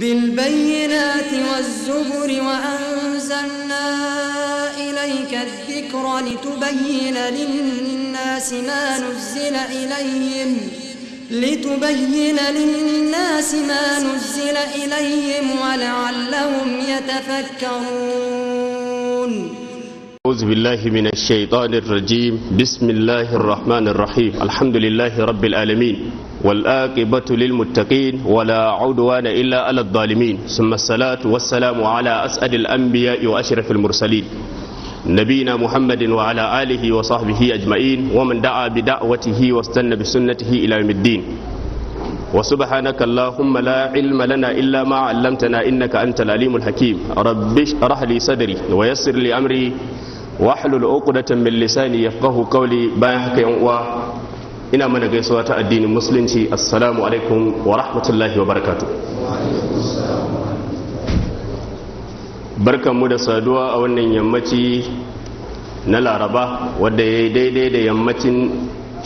بالبينات والزبر وأنزلنا إليك الذكر لتبين للناس ما نزل إليهم لتبين للناس ما نزل إليهم ولعلهم يتفكرون أعوذ بالله من الشيطان الرجيم بسم الله الرحمن الرحيم الحمد لله رب العالمين والآقبة للمتقين ولا عدوان إلا على الظالمين ثم الصلاة والسلام على أسعد الأنبياء وأشرف المرسلين نبينا محمد وعلى آله وصحبه أجمعين ومن دعا بدعوته واستنى بسنته إلى يوم الدين وسبحانك اللهم لا علم لنا إلا ما علمتنا إنك أنت العليم الحكيم رب اشرح لي صدري ويسر لي أمري واحلل عقدة من لساني يفقه قولي باهك يوم ina mana gaisuwa ta addinin musulunci assalamu alaikum wa rahmatullahi wa barakatu barkanmu da saduwa a wannan yammaci na laraba wadda ya yi daidai da yammacin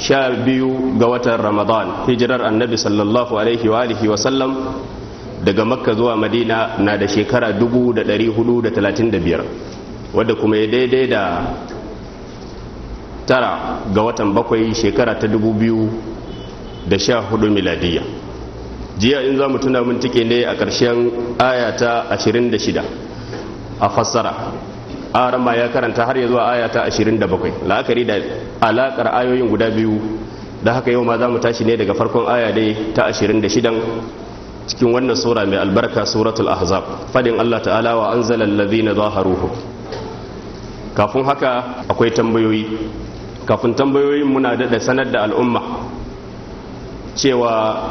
sha biyu ga watan ramadan hijirar annabi sallallahu alaihi wa alihi wa sallam daga makka zuwa madina na da shekara 435 wadda kuma ya daidai da tara ga watan bakwai shekara ta dubu biyu da sha hudu miladiyya jiya in za mu tuna mun tike ne a ƙarshen aya ashirin da shida a fassara arama ya karanta har ya zuwa aya ta ashirin da bakwai la'akari da alaƙar ayoyin guda biyu da haka yau ma za mu tashi ne daga farkon aya dai ta ashirin da shidan cikin wannan sura mai albarka suratul ahzab fadin Allah ta'ala wa anzala allazina zaharuhu kafin haka akwai tambayoyi kafin tambayoyin muna daɗe sanar da al'umma cewa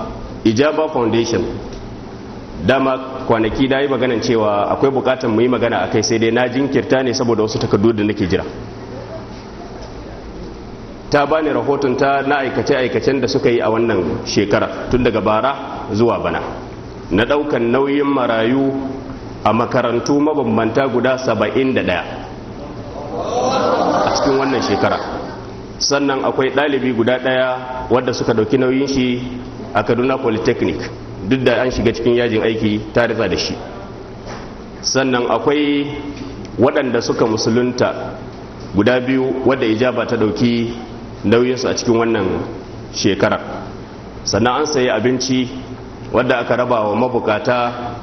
ijaba foundation dama kwanaki da yi maganan cewa akwai bukatar mu yi magana a kai sai dai na jinkirta ne saboda wasu takardu da nake jira ta bani rahoton ta na aikace-aikacen da suka yi a wannan shekara tun daga bara zuwa bana na ɗaukan nauyin marayu a makarantu mabambanta guda 71 a cikin wannan shekara sannan akwai ɗalibi guda ɗaya wadda suka ɗauki nauyin shi a kaduna polytechnic duk da an shiga cikin yajin aiki ta da shi sannan akwai waɗanda suka musulunta guda biyu wadda ijaba ta ɗauki nauyinsu a cikin wannan shekara sannan an sayi abinci wadda aka raba wa mabukata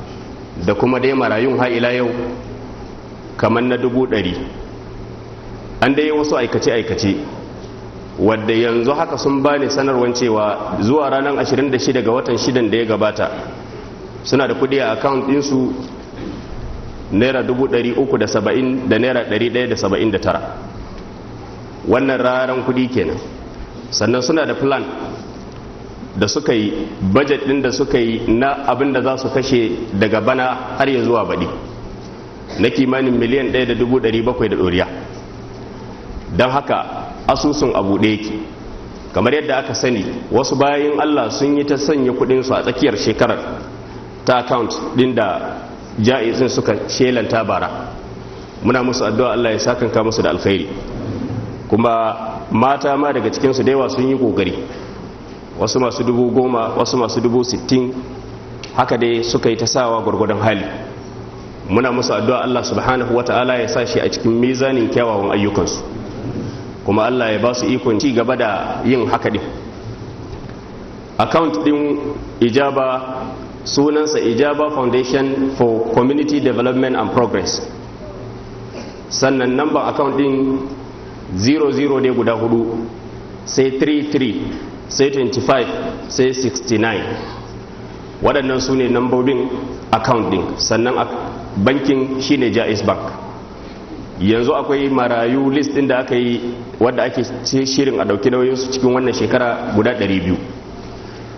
da kuma dai marayun ha'ila yau kamar na dubu ɗari an dai wasu aikace-aikace wadda yanzu haka sun bani sanarwar cewa zuwa ranar 26 ga watan 6 da ya gabata suna da kudi a account ɗinsu naira 370 da naira 179 wannan raran kudi kenan sannan suna da plan da suka yi budget din da suka yi na abin da za su kashe daga bana har ya zuwa baɗi na kimanin miliyan 1,700 da ɗoriya don haka asusun abu buɗe yake kamar yadda aka sani wasu bayan allah sun yi ta sanya kudinsu a tsakiyar shekarar ta account din da ja'izin suka shelanta bara muna musu addu'a allah ya sakanka musu da alkhairi kuma mata ma daga cikinsu da yawa sun yi ƙoƙari. wasu masu dubu goma wasu masu dubu sittin haka dai suka yi ta sawa gwargwadon hali muna musu addu'a allah subhanahu wa ta'ala ya sa shi a cikin mizanin kyawawan ayyukansu kuma Allah ya ba su ikon ci gaba da yin haka din account din ijaba sunansa ijaba foundation for community development and progress sannan number account din 00 ne guda hudu sai 33 sai 25 sai 69 waɗannan su ne din account din sannan bankin shine jais bank yanzu akwai marayu list din da aka yi wadda ake shirin a dauki nauyinsu cikin wannan shekara guda 200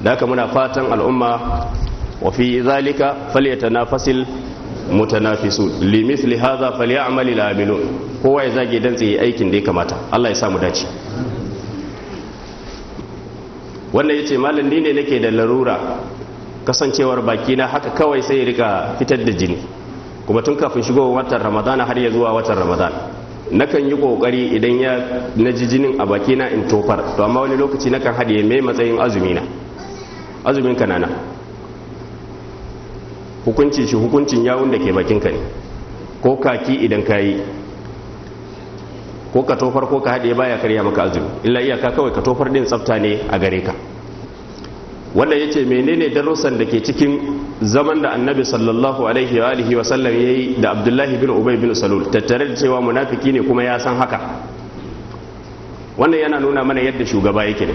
da haka muna fatan al'umma wa fi zalika falyatanafasil mutanafisun limithli hadha falyamal al'amilun kowa ya zage dan tsaye aikin da ya kamata Allah ya sa mu dace wannan yace malam ni ne nake da larura kasancewar baki na haka kawai sai ya rika fitar da jini kuma tun kafin shigo watan ramadana har ya zuwa watan ramadan nakan yi kokari idan ya na ji jinin a baki na in tofar to amma wani lokaci nakan haɗiye mai matsayin azumi na azumin ka nana hukuncin shi hukuncin yawun da ke bakin ne ko kaki idan ka yi ko ka tofar ko ka haɗe baya karya maka azumi illa iyaka kawai ka tofar din tsafta ne a gare ka wanda ya ce menene darussan da ke cikin zaman da annabi sallallahu alaihi wa alihi wa sallam yayi da abdullahi bin ubay bin salul tattare da cewa munafiki ne kuma ya san haka wannan yana nuna mana yadda shugaba yake ne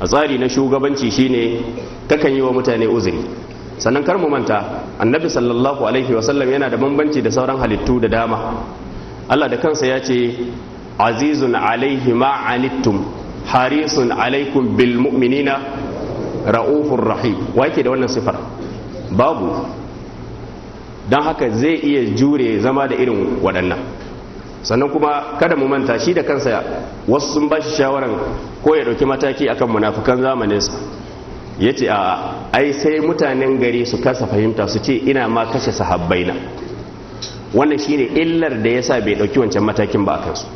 a tsari na shugabanci shine kakan yi wa mutane uzuri sannan kar mu manta annabi sallallahu alaihi wa sallam yana da bambanci da sauran halittu da dama Allah da kansa ya ce azizun alaihi ma anittum harisun alaikum bil mu'minina ra'ufur rahim wa yake da wannan sifar babu don haka zai iya jure zama da irin waɗannan sannan kuma kada mu manta shi da kansa wasu sun ba shi shawaran ko ya ɗauki mataki akan munafukan zamaninsa ya ce a ai sai mutanen gari su kasa fahimta su ce ina ma kashe sahabbai na wannan shi ne illar da ya sa bai ɗauki wancan matakin ba a kansu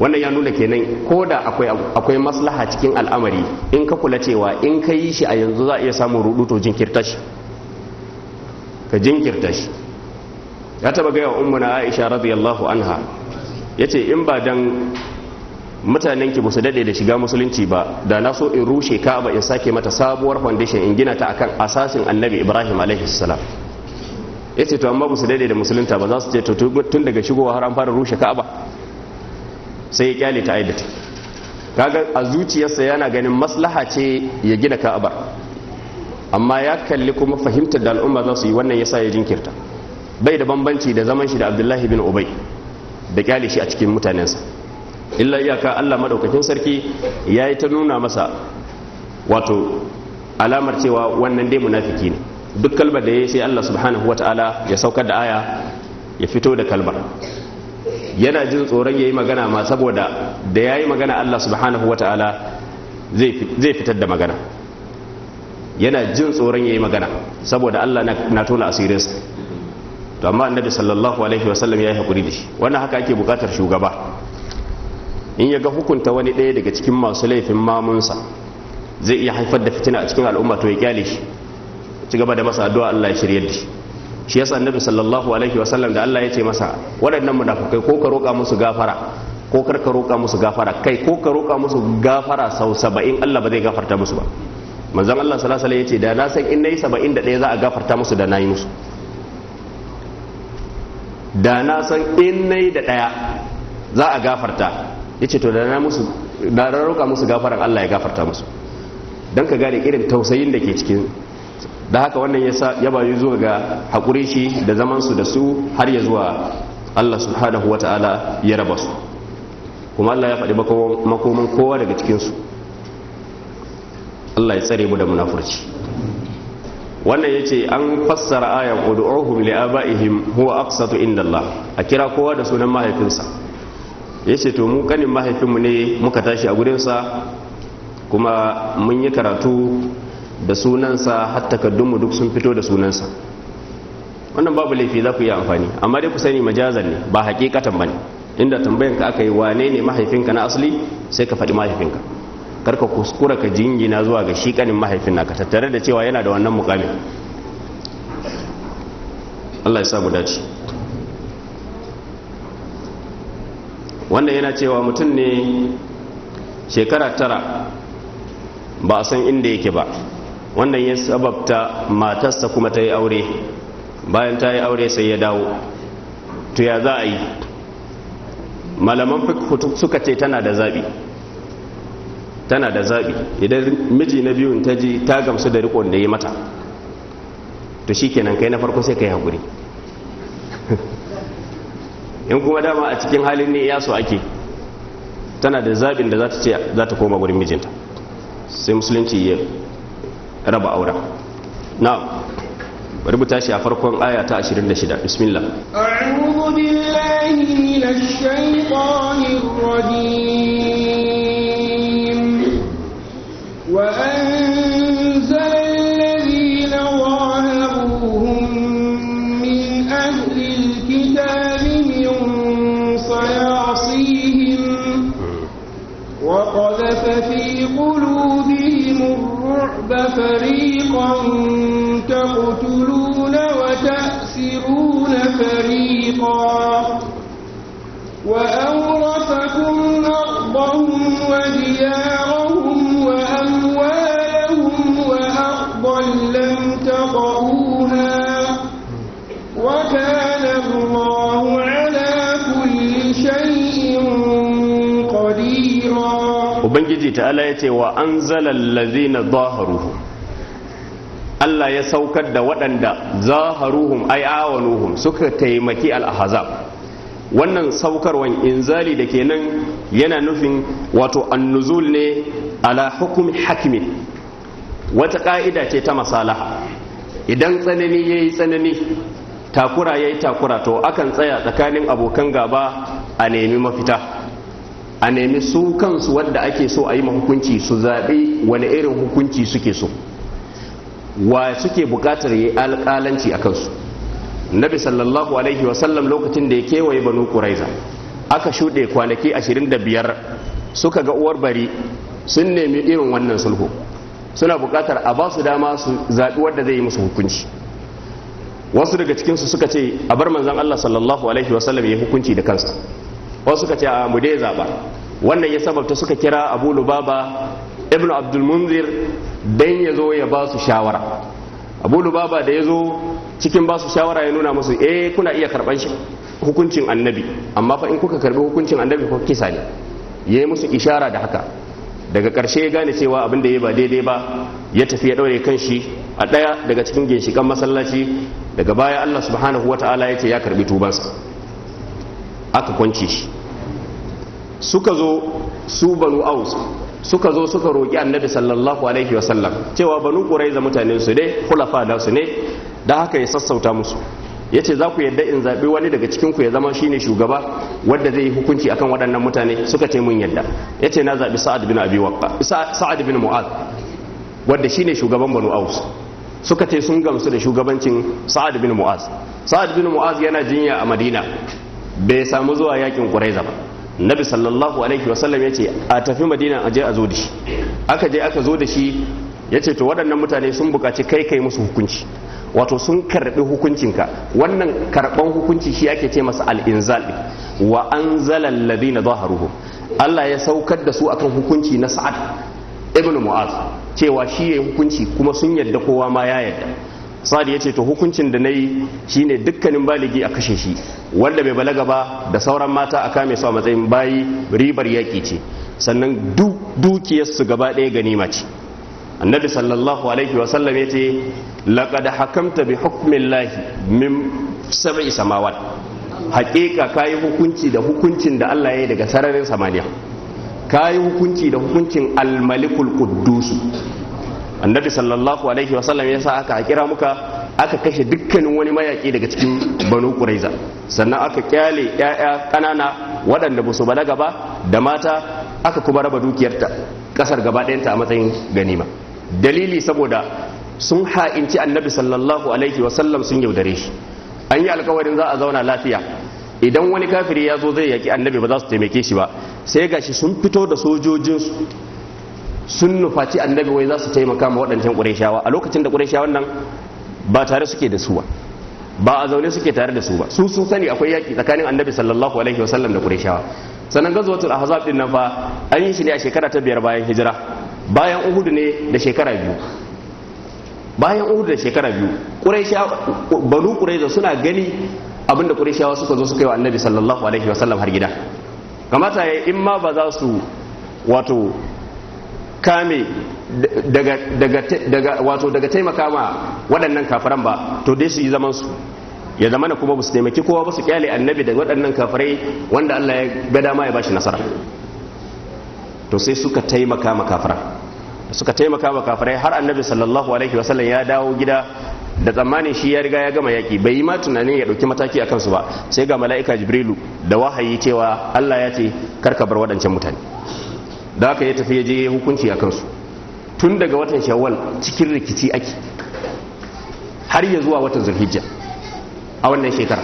wannan ya nuna kenan ko da akwai maslaha cikin al'amari in ka kula cewa in ka yi shi a yanzu za a iya samun ruduto jinkirta shi ka jinkirta shi ya taba gaya umma na aisha radiyallahu anha ya ce in ba dan mutanen ki su daɗe da shiga musulunci ba da na so in rushe ka ba in sake mata sabuwar foundation in gina ta akan asasin annabi ibrahim alaihi salam ya ce to amma ba su daɗe da musulunta ba za su ce to tun daga shigowa har an fara rushe ka'aba sai ya kyale ta aidata kaga a zuciyarsa yana ganin maslaha ce ya gina ka'abar amma ya kalli kuma fahimtar da al'umma za su yi wannan yasa ya jinkirta bai da bambanci da zaman shi da abdullahi bin ubay da kyale shi a cikin mutanensa illa iyaka allah maɗaukakin sarki ya yi ta nuna masa wato alamar cewa wannan dai munafiki ne duk kalbar da ya yi sai allah subhanahu wa ta'ala ya saukar da aya ya fito da kalbar yana jin tsoron ya yi magana ma saboda da ya yi magana Allah subhanahu wa ta'ala zai fitar da magana yana jin tsoron ya yi magana saboda Allah na tona asirinsa to amma annabi sallallahu alaihi wasallam yi hakuri da shi wannan haka ake buƙatar shugaba in ya ga hukunta wani ɗaya daga cikin masu laifin mamunsa zai iya haifar da fitina a cikin al'umma to ya kyale shi ci gaba da masa addu'a Allah ya shirye da shi shi ya yasa annabi sallallahu alaihi wasallam da Allah ya ce masa waɗannan munafukai ko ka roƙa musu gafara ko kar ka roƙa musu gafara kai ko ka roƙa musu gafara sau saba'in Allah ba zai gafarta musu ba manzon Allah sallallahu alaihi ya ce da na san in nayi saba'in da ɗaya za a gafarta musu da nayi musu da na san in nayi da ɗaya za a gafarta ya ce to da na musu da roƙa musu gafaran Allah ya gafarta musu don ka gane irin tausayin da ke cikin da haka wannan ya bayu zuwa ga haƙuri shi da zamansu da su har ya zuwa allah subhanahu wa ta'ala ya raba su kuma allah ya faɗi makoman kowa daga cikinsu allah ya tsare mu da munafurci wannan ya ce an fassara ayan ƙudu'uhum li'aba'ihim huwa aqsatu inda allah a kira kowa da sunan mahaifinsa ya ce to mu kanin mahaifinmu ne muka tashi a gurinsa kuma mun yi karatu da sunansa har takaddunmu duk sun fito da sunansa wannan babu laifi za ku yi amfani amma dai ku sani majazan ne ba hakikatan ne inda tambayan ka aka yi wane ne mahaifinka na asali sai ka faɗi mahaifinka karka kuskura ka jingina zuwa ga shi kanin mahaifin naka tattare da cewa yana da wannan mukamin Allah ya sa mu dace wannan yana cewa mutum ne shekara tara ba a san inda yake ba wannan ya sababta matarsa kuma ta yi aure bayan ta yi aure sai ya dawo to ya za a yi malaman fukutu suka ce tana da zabi tana da zabi idan miji na biyun ta ji ta gamsu da rikon da ya mata to shi kenan kai na farko sai kai hakuri in kuma dama a cikin halin ne ya so ake tana da zabin da za ta koma wurin mijinta sai musulunci raba auren na'am bari mu tashi a farkon aya ta 26 bismillah a'udhu billahi minash shaitanir rajim wa وقذف في قلوبهم رب فريقا تقتلون وتأسرون فريقا وأورثكم أرضهم وديارهم ubangiji ta'ala ya ce wa an na zaharuhum Allah ya saukar da waɗanda zaharuhun ai awanuhum suka taimaki al'ahazab wannan saukarwan inzali da kenan yana nufin wato annuzul ne ala hukum hakimin wata ƙa'ida ce ta masalaha idan tsanani ya yi tsanani takura ya yi takura to akan tsaya tsakanin abokan gaba a nemi mafita a nemi su kansu wadda ake so a yi hukunci su zaɓi wani irin hukunci suke so wa suke buƙatar yi alƙalanci a kansu nabi sallallahu alaihi wasallam lokacin da ya kewaye banu ƙuraiza aka shuɗe kwanaki ashirin da biyar suka ga uwar bari sun nemi irin wannan sulhu suna buƙatar a ba su dama su zaɓi wadda zai yi musu hukunci wasu daga cikinsu suka ce a bar manzon allah sallallahu alaihi wasallam ya hukunci da kansa wasu ka ce a mu zaba wannan ya sababta suka kira abu lubaba ibnu abdul munzir dan ya zo ya ba su shawara abu lubaba da ya zo cikin ba su shawara ya nuna musu eh kuna iya karban hukuncin annabi amma fa in kuka karbi hukuncin annabi ko kisa ne yayi musu ishara da haka daga karshe ya gane cewa abin da ya ba daidai ba ya tafi ya ɗaure kan shi a ɗaya daga cikin ginshikan masallaci daga baya Allah subhanahu wa ta'ala ya ce ya karbi tubansa aka kwance shi suka zo su banu aus suka zo suka roƙi annabi sallallahu alaihi wasallam cewa banu za mutane su ne khulafa da su ne da haka ya sassauta musu ya ce za ku yadda in zaɓi wani daga cikinku ya zama shine shugaba wadda zai yi hukunci akan waɗannan mutane suka ce mun yadda ya ce na zaɓi sa'ad bin abi waqqa sa'ad bin mu'ad wadda shine shugaban banu aus suka ce sun gamsu da shugabancin sa'ad bin mu'az sa'ad bin mu'az yana jinya a madina bai samu zuwa yakin ƙuraiza ba nabi sallallahu alaihi wasallam ya ce a tafi madina a je a zo da shi aka je aka zo da shi ya ce to waɗannan mutane sun buƙaci kai kai musu hukunci wato sun karɓi hukuncinka wannan karɓan hukunci shi ake ce masa al'inzal wa an na ladina zaharuhum Allah ya saukar da su akan hukunci na sa'ad ibn mu'az cewa shi ya yi hukunci kuma sun yadda kowa ma ya yadda sa'ad ya ce to hukuncin da na yi shine dukkanin baligi a kashe shi wanda bai balaga ba da sauran mata a kame su a matsayin bayi ribar yaƙi ce sannan dukiyar su gaba ɗaya ganima ce annabi sallallahu alaihi wasallam ya ce laqad hakamta bi hukmillahi min sab'i samawat haƙiƙa kayi hukunci da hukuncin da Allah ya yi daga sararin samaniya kayi hukunci da hukuncin almalikul quddusu annabi sallallahu alaihi wa sallam yasa aka kira muka aka kashe dukkanin wani mayaki daga cikin banu quraiza sannan aka kyale ya'ya ƙanana waɗanda ba su balaga ba da mata aka kuma raba dukiyarta ƙasar gaba ɗayanta a matsayin ganima dalili saboda sun ha'inci annabi sallallahu alaihi wa sallam sun yaudare shi an yi alkawarin za a zauna lafiya idan wani kafiri ya zo zai yaki annabi ba za su taimake shi ba sai gashi sun fito da sojojinsu sun nufaci annabi wai za su taimaka ma waɗancan ƙurayshawa a lokacin da ƙurayshawan nan ba tare suke da su ba ba a zaune suke tare da su ba su sun sani akwai yaƙi tsakanin annabi sallallahu alaihi wasallam da ƙurayshawa sannan gazwatul a din nan fa an yi shi ne a shekara ta biyar bayan hijira bayan uhud ne da shekara biyu bayan uhud da shekara biyu ƙurayshawa banu ƙurayza suna gani abinda ƙurayshawa suka zo suka yi wa annabi sallallahu alaihi wasallam har gida kamata ya in ma ba za su wato kame daga wato daga taimaka ma waɗannan kafiran ba to dai su yi zaman su ya zama na kuma su taimaki kowa ba su kyale annabi da waɗannan kafirai wanda Allah ya ga dama ya bashi nasara to sai suka taimaka ma kafiran suka taimaka ma kafirai har annabi sallallahu alaihi wasallam ya dawo gida da tsammanin shi ya riga ya gama yaki bai yi ma tunanin ya dauki mataki a kansu ba sai ga mala'ika jibrilu da wahayi cewa Allah ya ce kar ka bar wadancan mutane da aka ya tafi ya je hukunci a kansu tun daga watan shawwal cikin rikici ake har ya zuwa watan zulhijja a wannan shekara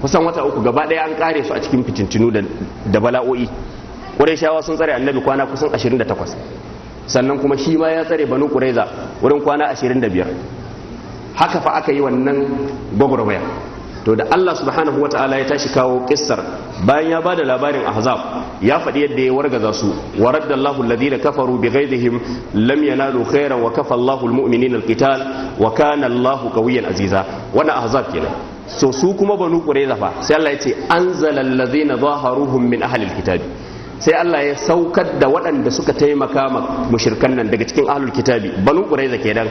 kusan wata uku gaba ɗaya an kare su a cikin fitintinu da bala'o'i ƙurayshawa sun tsare annabi kwana kusan 28 sannan kuma shi ma ya tsare banu ƙuraiza wurin kwana 25 haka fa aka yi wannan gwagwarmaya to da Allah subhanahu wata'ala ya tashi kawo kissar bayan ya bada labarin ahzab ya faɗi yadda ya wargaza su wa raddallahu alladhina kafaru bighaidihim lam yanalu khairan wa kafa Allahu almu'minina alqital wa kana Allahu qawiyyan aziza wannan ahzab kenan so su kuma banu ƙuraiza fa sai Allah ya ce anzala allazina zaharuhum min ahalin kitabi sai Allah ya saukar da waɗanda suka taimaka ma mushirkan nan daga cikin ahlul kitabi banu quraiza kenan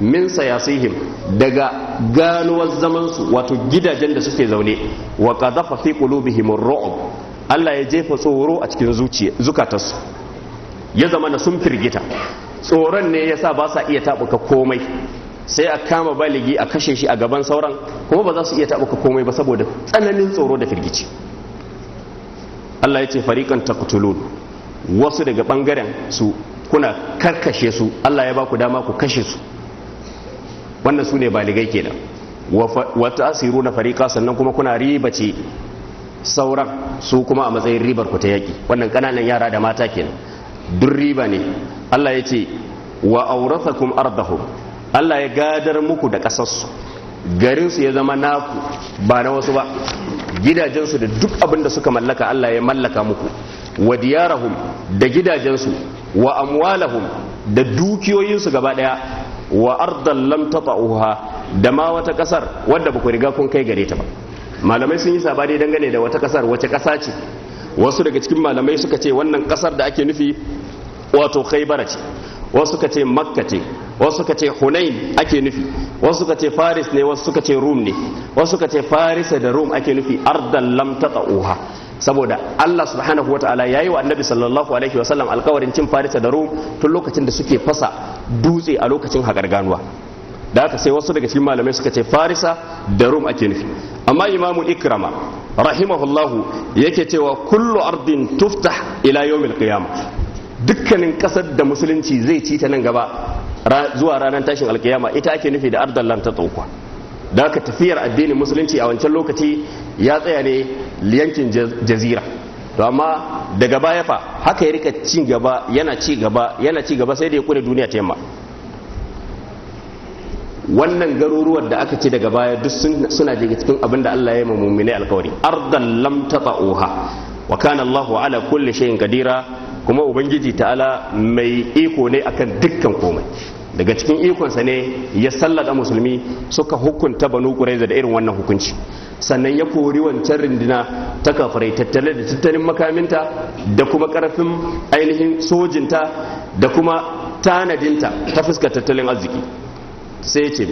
min sayasihim daga ganuwar zaman su wato gidajen da suke zaune wa qadhafa fi qulubihim ar-ru'b Allah ya jefa tsoro a cikin zuciya su ya zama na sun firgita tsoron ne yasa ba sa iya tabuka komai sai a kama baligi a kashe shi a gaban sauran kuma ba za su iya tabuka komai ba saboda tsananin tsoro da firgici Allah ya ce fariƙan taqtulun wasu daga bangaren su kuna karkashe su Allah ya ba ku dama ku kashe su wannan su ne baligai kenan Wata asiru na fariƙa sannan kuma kuna riba ce sauran su kuma a matsayin ribar ku ta yaki wannan ƙananan yara da mata kenan duk riba ne Allah ya ce wa kuma ardahum Allah ya gadar muku da ƙasarsu garinsu ya zama naku ba na wasu ba gidajensu da duk abin da suka mallaka Allah ya mallaka muku wa diyarahum da gidajensu wa amwalahum da dukiyoyinsu gaba daya wa ardan lam tata'uha da ma wata kasar wadda ba ku riga kun kai gare ta ba malamai sun yi sabani dangane da wata kasar wace kasa ce wasu daga cikin malamai suka ce wannan kasar da ake nufi wato khaybara ce wasu kace ce makka ce wasu suka ce hunain ake nufi wasu suka ce faris ne wasu suka ce rum ne wasu kace ce farisa da rum ake nufi ardan lam uha saboda Allah subhanahu wa ta'ala yi wa annabi sallallahu alaihi wa sallam alkawarin cin farisa da rum tun lokacin da suke fasa dutse a lokacin hagarganuwa da haka sai wasu daga cikin malamai suka ce farisa da rum ake nufi amma imamu ikrama rahimahullahu yake cewa kullu ardin tuftah ila yawmil qiyamah dukkanin kasar da musulunci zai ci ta nan gaba zuwa ranar tashin alkiyama ita ake nufi da ardallan ta tsokwa da aka tafiyar addinin musulunci a wancan lokaci ya tsaya ne yankin jazira to amma daga baya fa haka ya rika ci gaba yana ci gaba yana ci gaba sai da ya kure duniya ta yamma wannan garuruwar da aka ci daga baya duk suna daga cikin abin da Allah ya yi mummune alkawari ardan lam tata'uha wa kana Allahu ala kulli shay'in qadira kuma ubangiji ta'ala mai iko ne akan dukkan komai daga cikin ikonsa ne ya sallada musulmi suka hukunta banu quraiza da irin wannan hukunci sannan ya kori wancan rindina ta kafirai tattale da tattalin makaminta da kuma karfin ainihin sojinta da kuma tanadinta ta fuskar tattalin arziki sai ya ce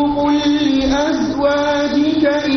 me ya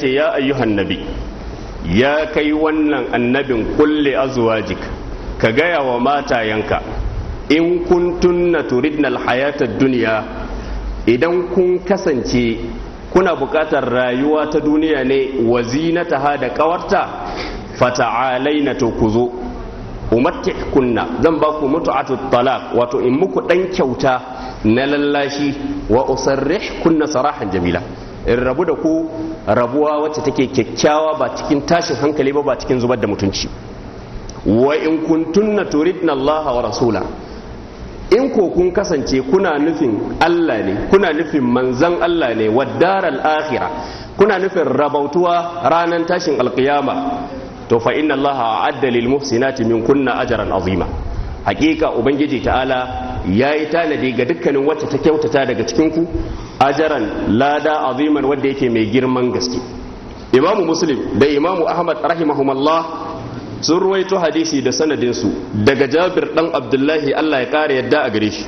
ce ya ayyuhan nabi ya kai wannan annabin kulle azwajik ka gaya wa mata yanka in kun kuntunna turidna alhayatad duniya idan kun kasance kuna buƙatar rayuwa ta duniya ne wa zinataha da ƙawarta na to ku zo kunna zan ba ku mutu'atu talaq wato in muku ɗan kyauta na lallashi wa kunna sarahan jamila in rabu da ku rabuwa wacce take kyakkyawa ba cikin tashin hankali ba ba cikin zubar da mutunci wa in kuntunna turidna Allah wa rasula in ko kun kasance kuna nufin Allah ne kuna nufin manzan Allah ne wa daral akhira kuna nufin rabautuwa ranar tashin alkiyama to fa inna Allah a'adda lil muhsinati min kunna ajran azima hakika ubangiji ta'ala ya yi tanadi ga dukkanin wacce ta kyautata daga cikinku ajaran lada aziman wadda yake mai girman gaske imamu muslim da imamu ahmad rahimahumallah sun ruwaito hadisi da sanadinsu daga jabir dan abdullahi allah ya kara yadda a gare shi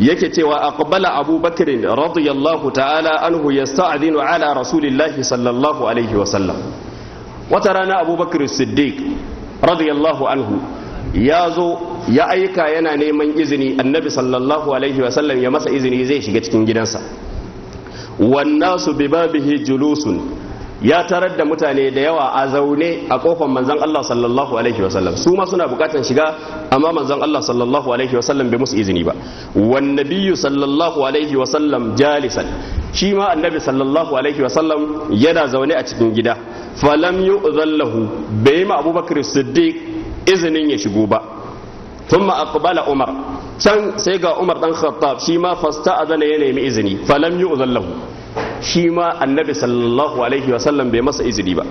yake cewa aqbala abubakar radiyallahu ta'ala anhu yasta'dinu ala rasulillahi sallallahu alaihi wasallam wata rana abubakar siddiq radiyallahu anhu ya zo ya aika yana neman izini annabi sallallahu alaihi wasallam ya masa izini zai shiga cikin gidansa wannasu bi babihi julusun ya tarar da mutane da yawa a zaune a kofar manzon Allah sallallahu alaihi wasallam su ma suna bukatan shiga amma manzon Allah sallallahu alaihi wasallam bai musu izini ba wan nabiyyu sallallahu alaihi wasallam jalisan shi ma annabi sallallahu alaihi wasallam yana zaune a cikin gida falam yu'zallahu bai ma abubakar siddiq izinin ya shigo ba thumma aqbala umar can sai ga umar dan khattab shi ma fasta azana ya nemi izini falam yu'zan lahu shi ma annabi sallallahu alaihi wa sallam bai masa izini ba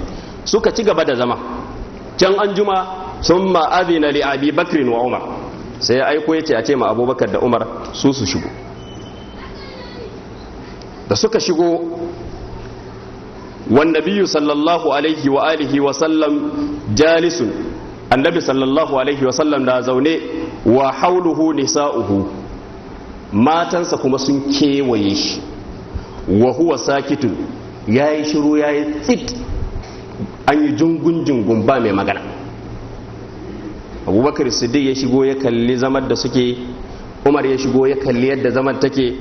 suka ci gaba da zama can an juma thumma adina li abi bakr wa umar sai aiko yace a ce ma abubakar da umar su su shigo da suka shigo sallallahu alaihi wa alihi wa sallam jalisun. annabi sallallahu alaihi wasallam da zaune wa hauluhu nisa'uhu matansa kuma sun kewaye shi wa huwa sakitun ya yi shiru ya yi tsit an yi jungun jungun ba mai magana abubakar siddiq ya shigo ya kalli zamar da suke umar ya shigo ya kalli yadda zaman take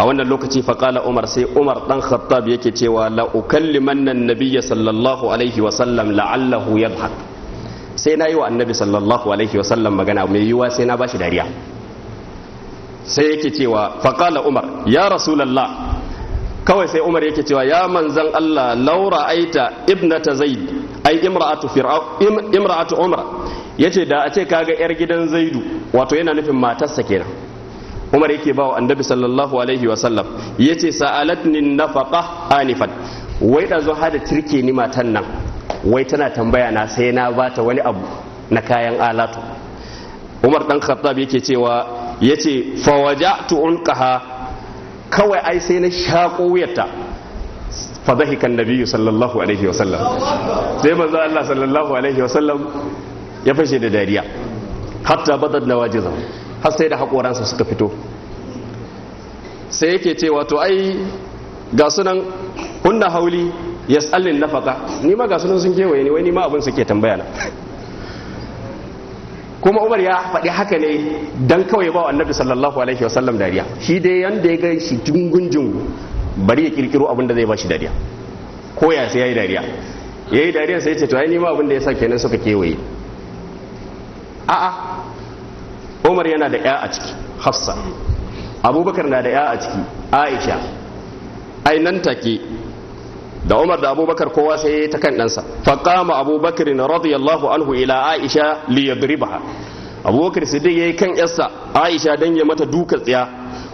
a wannan lokaci faƙala umar sai umar ɗan khattab yake cewa laukallimannan nan nabiya sallallahu alaihi wasallam la'allahu yadhhak sai na yi wa annabi sallallahu alaihi wasallam magana mai yiwuwa sai na bashi dariya sai yake cewa faƙala umar ya rasulallah kawai sai umar yake cewa ya manzan allah laura aita ibnata zaid ai imra'atu imra'atu umar yace da a ce kaga yar gidan zaidu wato yana nufin matarsa kenan umar yake ba wa annabi sallallahu alaihi wasallam yace sa'alatni nafaqa anifan wai da zo hada tirke ni matan nan wai tana tambaya na sai na bata wani abu na kayan alatu umar dan khattab yake cewa yace tu'un unqaha kawai ai sai na shaƙo wuyarta fa dhahika biyu sallallahu alaihi wasallam sai manzo Allah sallallahu alaihi wasallam ya fashe da dariya hatta badad nawajizan har sai da hakoransa suka fito sai yake cewa to ai ga sunan kunna hauli Ya na nafaka ni ma ga sunan sun kewaye ne wai ni ma abin suke tambaya na kuma umar ya faɗi haka ne don kawai ba annabi sallallahu alaihi wasallam dariya shi dai yanda ya ga shi jungun jungu bari ya kirkiro abin da zai ba shi dariya ko ya sai yi dariya ya yi dariya sai ya ce to ai ni ma abin da ya sa kenan suka kewaye a'a umar yana da ya a ciki hafsa abubakar na da ya a ciki aisha ai nan take da Umar da Abubakar kowa sai ya ta kan ɗansa faqama Abubakar na radiyallahu anhu ila Aisha li Abubakar Siddiq yi kan yarsa Aisha dan ya mata duka tsiya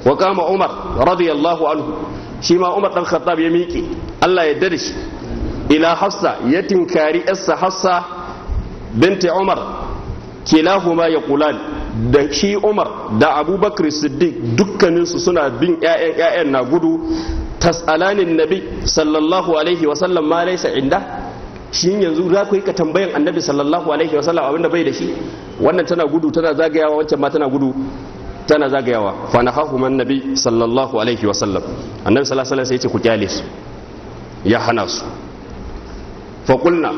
wa qama Umar radiyallahu anhu shi ma Umar ɗan Khattab ya miƙe Allah ya dada shi ila Hafsa ya tinkari yarsa Hafsa binta Umar kilahuma yaqulan da shi Umar da Abubakar Siddiq dukkaninsu suna bin 'ya'yan 'ya'yan na gudu tas'alanin nabi sallallahu alaihi wasallam ma laisa inda shi yanzu za ku yi ka tambayan annabi sallallahu alaihi wa wasallam abinda bai da shi wannan tana gudu tana zagayawa wancan ma tana gudu tana zagayawa fa hahu man nabi sallallahu alaihi wa sallam annabi sallallahu alaihi sai ce ku kyale su ya hana su fa qulna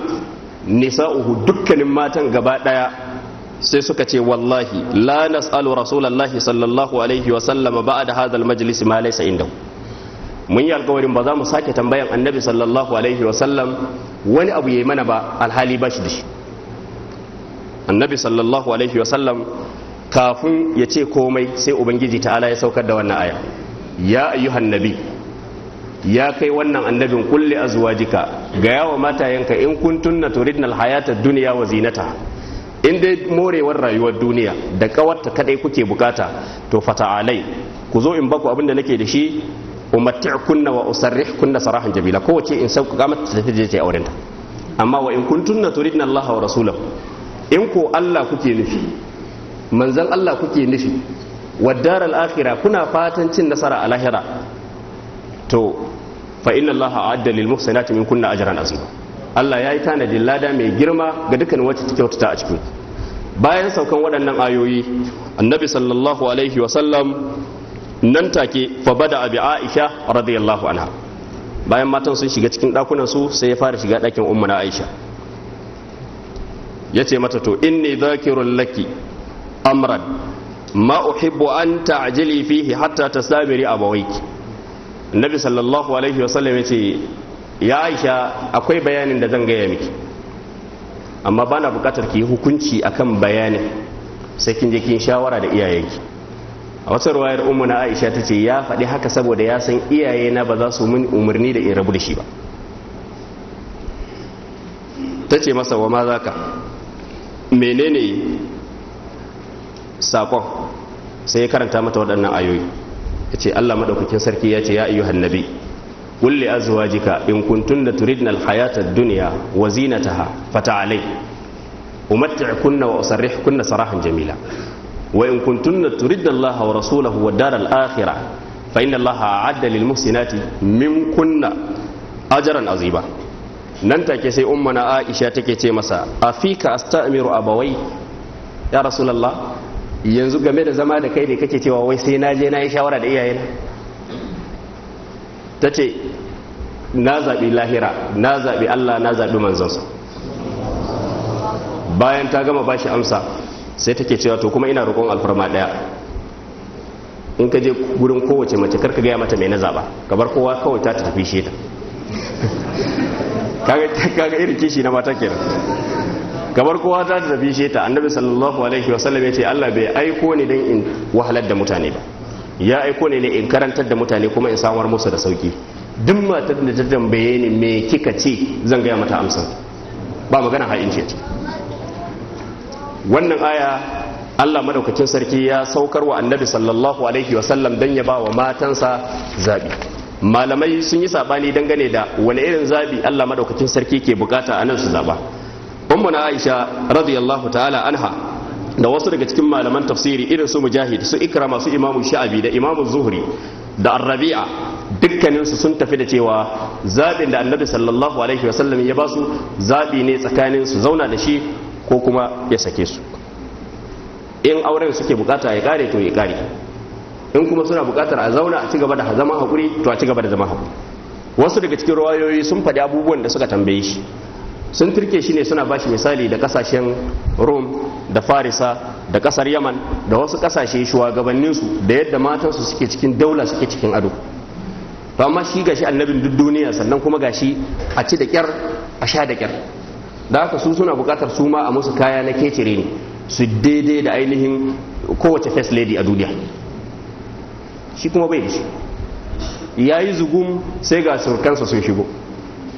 nisa'uhu dukkanin matan gaba daya sai suka ce wallahi la nas'alu rasulallahi sallallahu alaihi wasallam ba'da hadha al-majlis ma laysa indahu mun yi alkawarin ba za mu sake tambayan annabi sallallahu alaihi wasallam wani abu ya yi mana ba alhali ba shi da shi annabi sallallahu alaihi wasallam kafin ya ce komai sai ubangiji ta'ala ya saukar da wannan aya ya ayyuhan nabi ya kai wannan annabin kulli azwajika ga yawa matayenka in kuntunna turidnal hayata duniya wa zinata in dai morewar rayuwar duniya da kawarta kadai kuke bukata to fata'alai ku zo in baku abin da nake da shi umatti'kunna wa kunna sarahan jamila kowace in gamat ta tafi je ta aurenta amma wa in kuntunna turidna Allah wa rasulahu in ko Allah kuke nufi manzan Allah kuke nufi waddar al-akhirah kuna fatan cin nasara a lahira to fa inna Allah a'adda lil muhsinati min kunna ajran azima Allah yayi tanadin lada mai girma ga dukkan wacce ta kyautata a cikin bayan saukan waɗannan ayoyi annabi sallallahu alaihi wa sallam nan take fa bada abi aisha radiyallahu anha bayan matan sun shiga cikin dakunan su sai ya fara shiga dakin ummu na aisha yace mata to inni dhakirul laki amran ma uhibbu an ta'jili fihi hatta tasabiri abawayki annabi sallallahu alaihi wasallam yace ya aisha akwai bayanin da zan gaya miki amma bana bukatar ki hukunci akan bayanin sai kin je kin shawara da iyayenki a wata ruwayar umu na aisha ta ce ya faɗi haka saboda ya san iyaye na ba za su mun umarni da in rabu da shi ba ta ce masa wa ma za ka menene saƙon sai ya karanta mata waɗannan ayoyi ya ce allah maɗaukakin sarki ya ce ya ayyuhan a kulli jika in kuntunna turidna alhayata duniya dunya wa zinataha fata'alay kunna wa kunna sarahan jamila wa in kuntunna turidda Allah wa rasulahu wa daral akhirah fa inna Allah a'adda lil muhsinati min kunna ajran aziba nan take sai ummana Aisha take ce masa afika astamiru abawai ya rasulullah yanzu game da zama da kai ne kake cewa wai sai na je na yi shawara da iyayena ta ce na zaɓi lahira na zaɓi allah na zaɓi manzansa bayan ta gama bashi amsa sai take cewa to kuma ina roƙon alfarma ɗaya in ka je gurin kowace mace karka gaya mata mai na zaba kabar kowa kawai ta tafi shi ta kaga irin kishi na mata kenan kabar kowa ta tafi shi ta annabi sallallahu alaihi wa ya ce Allah bai aiko ni dan in wahalar da mutane ba ya aiko ni ne in karantar da mutane kuma in samar musu da sauki duk matar da ta tambaye ni me kika ce zan gaya mata amsa ba magana ha'in ce wannan aya Allah madaukakin sarki ya saukar wa annabi sallallahu alaihi sallam don ya ba wa matansa zabi malamai sun yi sabani dangane da wani irin zabi Allah madaukakin sarki ke bukata a nan su zaba na aisha radiyallahu ta'ala anha da wasu daga cikin malaman tafsiri irin su mujahid su ikrama su imamu sha'abi da imamu zuhri da arrabi'a dukkaninsu sun tafi da cewa zabin da annabi sallallahu alaihi wasallam ya ba su zaɓi ne tsakanin su zauna da shi ko kuma ya sake su in auren suke bukata ya kare to ya kare in kuma suna bukatar a zauna a cigaba da zama hakuri to a cigaba da zama hakuri wasu daga cikin rawayoyi sun faɗi abubuwan da suka tambaye shi sun turke shi ne suna ba shi misali da kasashen rom da farisa da kasar yaman da wasu kasashe shugabanninsu da yadda matansu suke cikin daula suke cikin ado to amma shi gashi annabin duk duniya sannan kuma gashi a ci da kyar a sha da kyar da haka su suna bukatar su ma a musu kaya na kecire ne su daidai da ainihin kowace first lady a duniya shi kuma bai da shi ya yi zugun sai ga surukansa sun shigo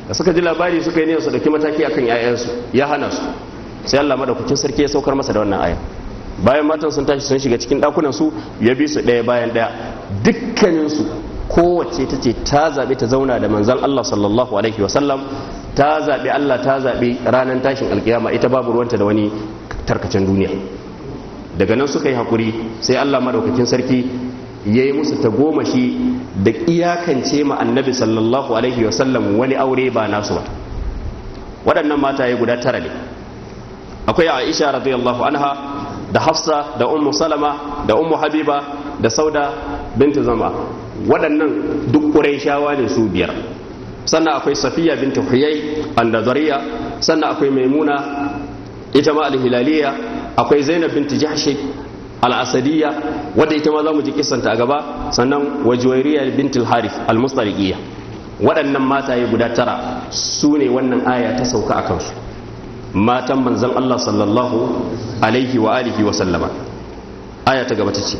da suka ji labari suka yi ne su dauki mataki akan 'ya'yansu ya hana su sai Allah madaukakin sarki ya saukar masa da wannan aya bayan matan sun tashi sun shiga cikin dakunan su ya bi su ɗaya bayan ɗaya dukkaninsu kowace ta ce ta zaɓi ta zauna da manzan Allah sallallahu alaihi wasallam ta zaɓi Allah ta zaɓi ranar tashin alkiyama ita babu ruwanta da wani tarkacen duniya daga nan suka yi haƙuri sai Allah maɗaukakin sarki ya yi musu ta goma shi da iyakance ma annabi sallallahu alaihi wasallam wani aure ba nasu ba waɗannan mata ya guda tara ne akwai aisha radiyallahu anha da hafsa da ummu salama da ummu habiba da sauda binta zama waɗannan duk ƙurai shawa ne su biyar sannan akwai safiya binta huyai andazariya sannan akwai maimuna ita ma alhilaliya akwai zainab binta jahshi al'asadiyya wadda ita ma za mu ji kisanta a gaba sannan wajuwairiya bintul harif al-mustariqiyya waɗannan mataye guda tara su ne wannan aya ta sauka a kansu matan manzan Allah sallallahu alaihi wa alihi wa sallama aya ta gaba ta ce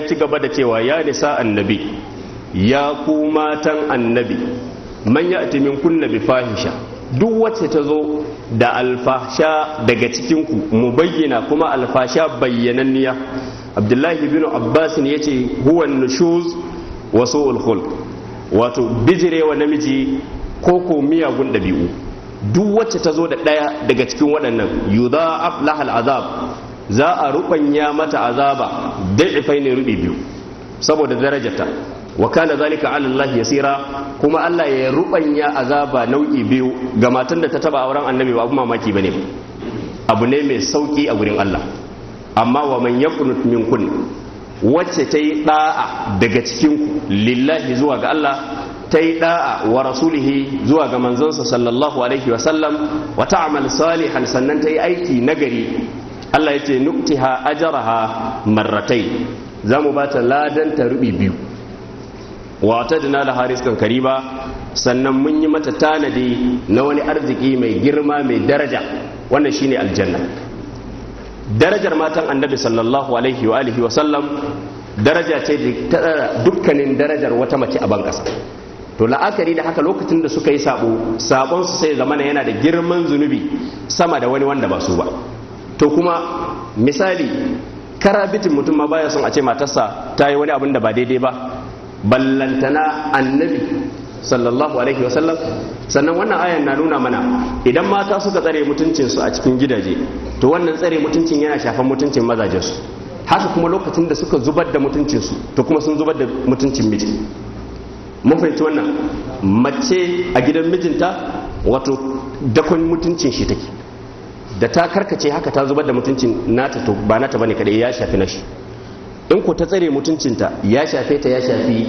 ya ci gaba da cewa ya nisa annabi ya ku matan annabi man ya atimin kunna bi fahisha duk wacce ta zo da alfasha daga cikinku mu bayyana kuma alfasha bayyananniya abdullahi bin abbas ya ce huwan nushuz wa su'ul khulq wato bijirewa namiji ko ko miyagun dabi'u. duk wacce ta zo da ɗaya daga cikin waɗannan yudha'af lahal azab za a ruɓanya mata azaba da'ifai ne rubi biyu saboda darajata wa kana zalika ala allahi yasira kuma Allah ya rubanya azaba nau'i biyu ga matan da ta taba auren annabi ba abu mamaki bane abu ne mai sauki a gurin Allah amma wa man yaqnut minkun wacce ta yi da'a daga cikin ku lillahi zuwa ga Allah ta yi da'a wa rasulihi zuwa ga manzonsa sallallahu alaihi wa sallam wa ta'mal salihan sannan ta yi aiki nagari Allah ya ce nuktiha ajaraha marratai za mu ba ta ladan ta rubi biyu wa ta dina da kan kariba sannan mun yi mata tanadi na wani arziki mai girma mai daraja wannan shine aljanna darajar matan annabi sallallahu alaihi wa alihi wa sallam daraja ce da dukkanin darajar wata mace a ban kasa to la'akari da haka lokacin da suka yi sabo sabon su sai zamana yana da girman zunubi sama da wani wanda ba su ba to kuma misali karabitin mutum ma baya son a ce matarsa ta yi wani abin da ba daidai ba ballantana annabi sallallahu alaihi wasallam sannan wannan ayan na nuna mana idan mata suka tsare mutuncinsu a cikin gidaje to wannan tsare mutuncin yana shafan mutuncin mazajensu haka kuma lokacin da suka zubar da mutuncinsu to kuma sun zubar da mutuncin miji mun fahimci wannan mace a gidan mijinta wato dakon mutuncin shi take da ta karkace haka ta zubar da mutuncin nata to ba nata bane kadai ya shafi na shi in ko ta tsare mutuncinta ya shafe ta ya shafi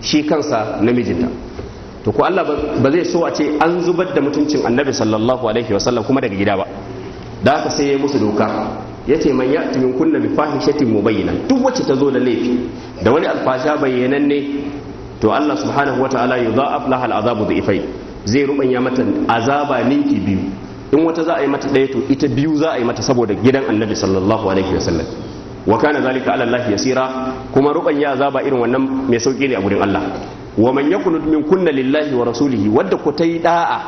shi kansa namijinta to ko Allah ba zai so a ce an zubar da mutuncin annabi sallallahu alaihi wasallam kuma daga gida ba da haka sai ya musu doka ya ce man ya'ti min kunna bi fahishatin mubayyana duk wacce ta zo da laifi da wani alfasha bayyananne to Allah subhanahu wataala yudha'af laha al'azabu dhifai zai rubanya mata azaba ninki biyu in wata za a yi mata ɗaya to ita biyu za a yi mata saboda gidan annabi sallallahu alaihi wasallam wa kana zalika ala Allah yasira kuma ruqayya ya zaba irin wannan mai sauki ne a gurin Allah wa man yakunu min kunna lillahi wa rasulihi wadda ku ta'i da'a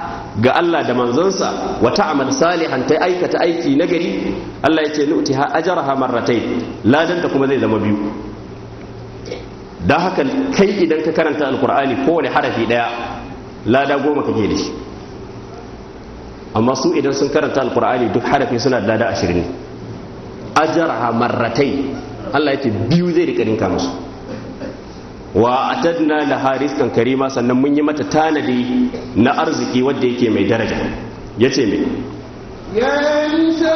ga Allah da manzonsa wa ta'mal salihan ta aikata aiki nagari Allah yace nu'tiha ajraha marratayn ladan ta kuma zai zama biyu dan haka kai idan ka karanta alqur'ani kowane harafi daya lada goma kake da shi amma su idan sun karanta alkur'ani duk harafi suna da da ashirin ne ajaraha marratai Allah ya biyu zai rika ninka musu wa atadna haris rizqan karima sannan mun yi mata tanadi na arziki wanda yake mai daraja yace me ya nisa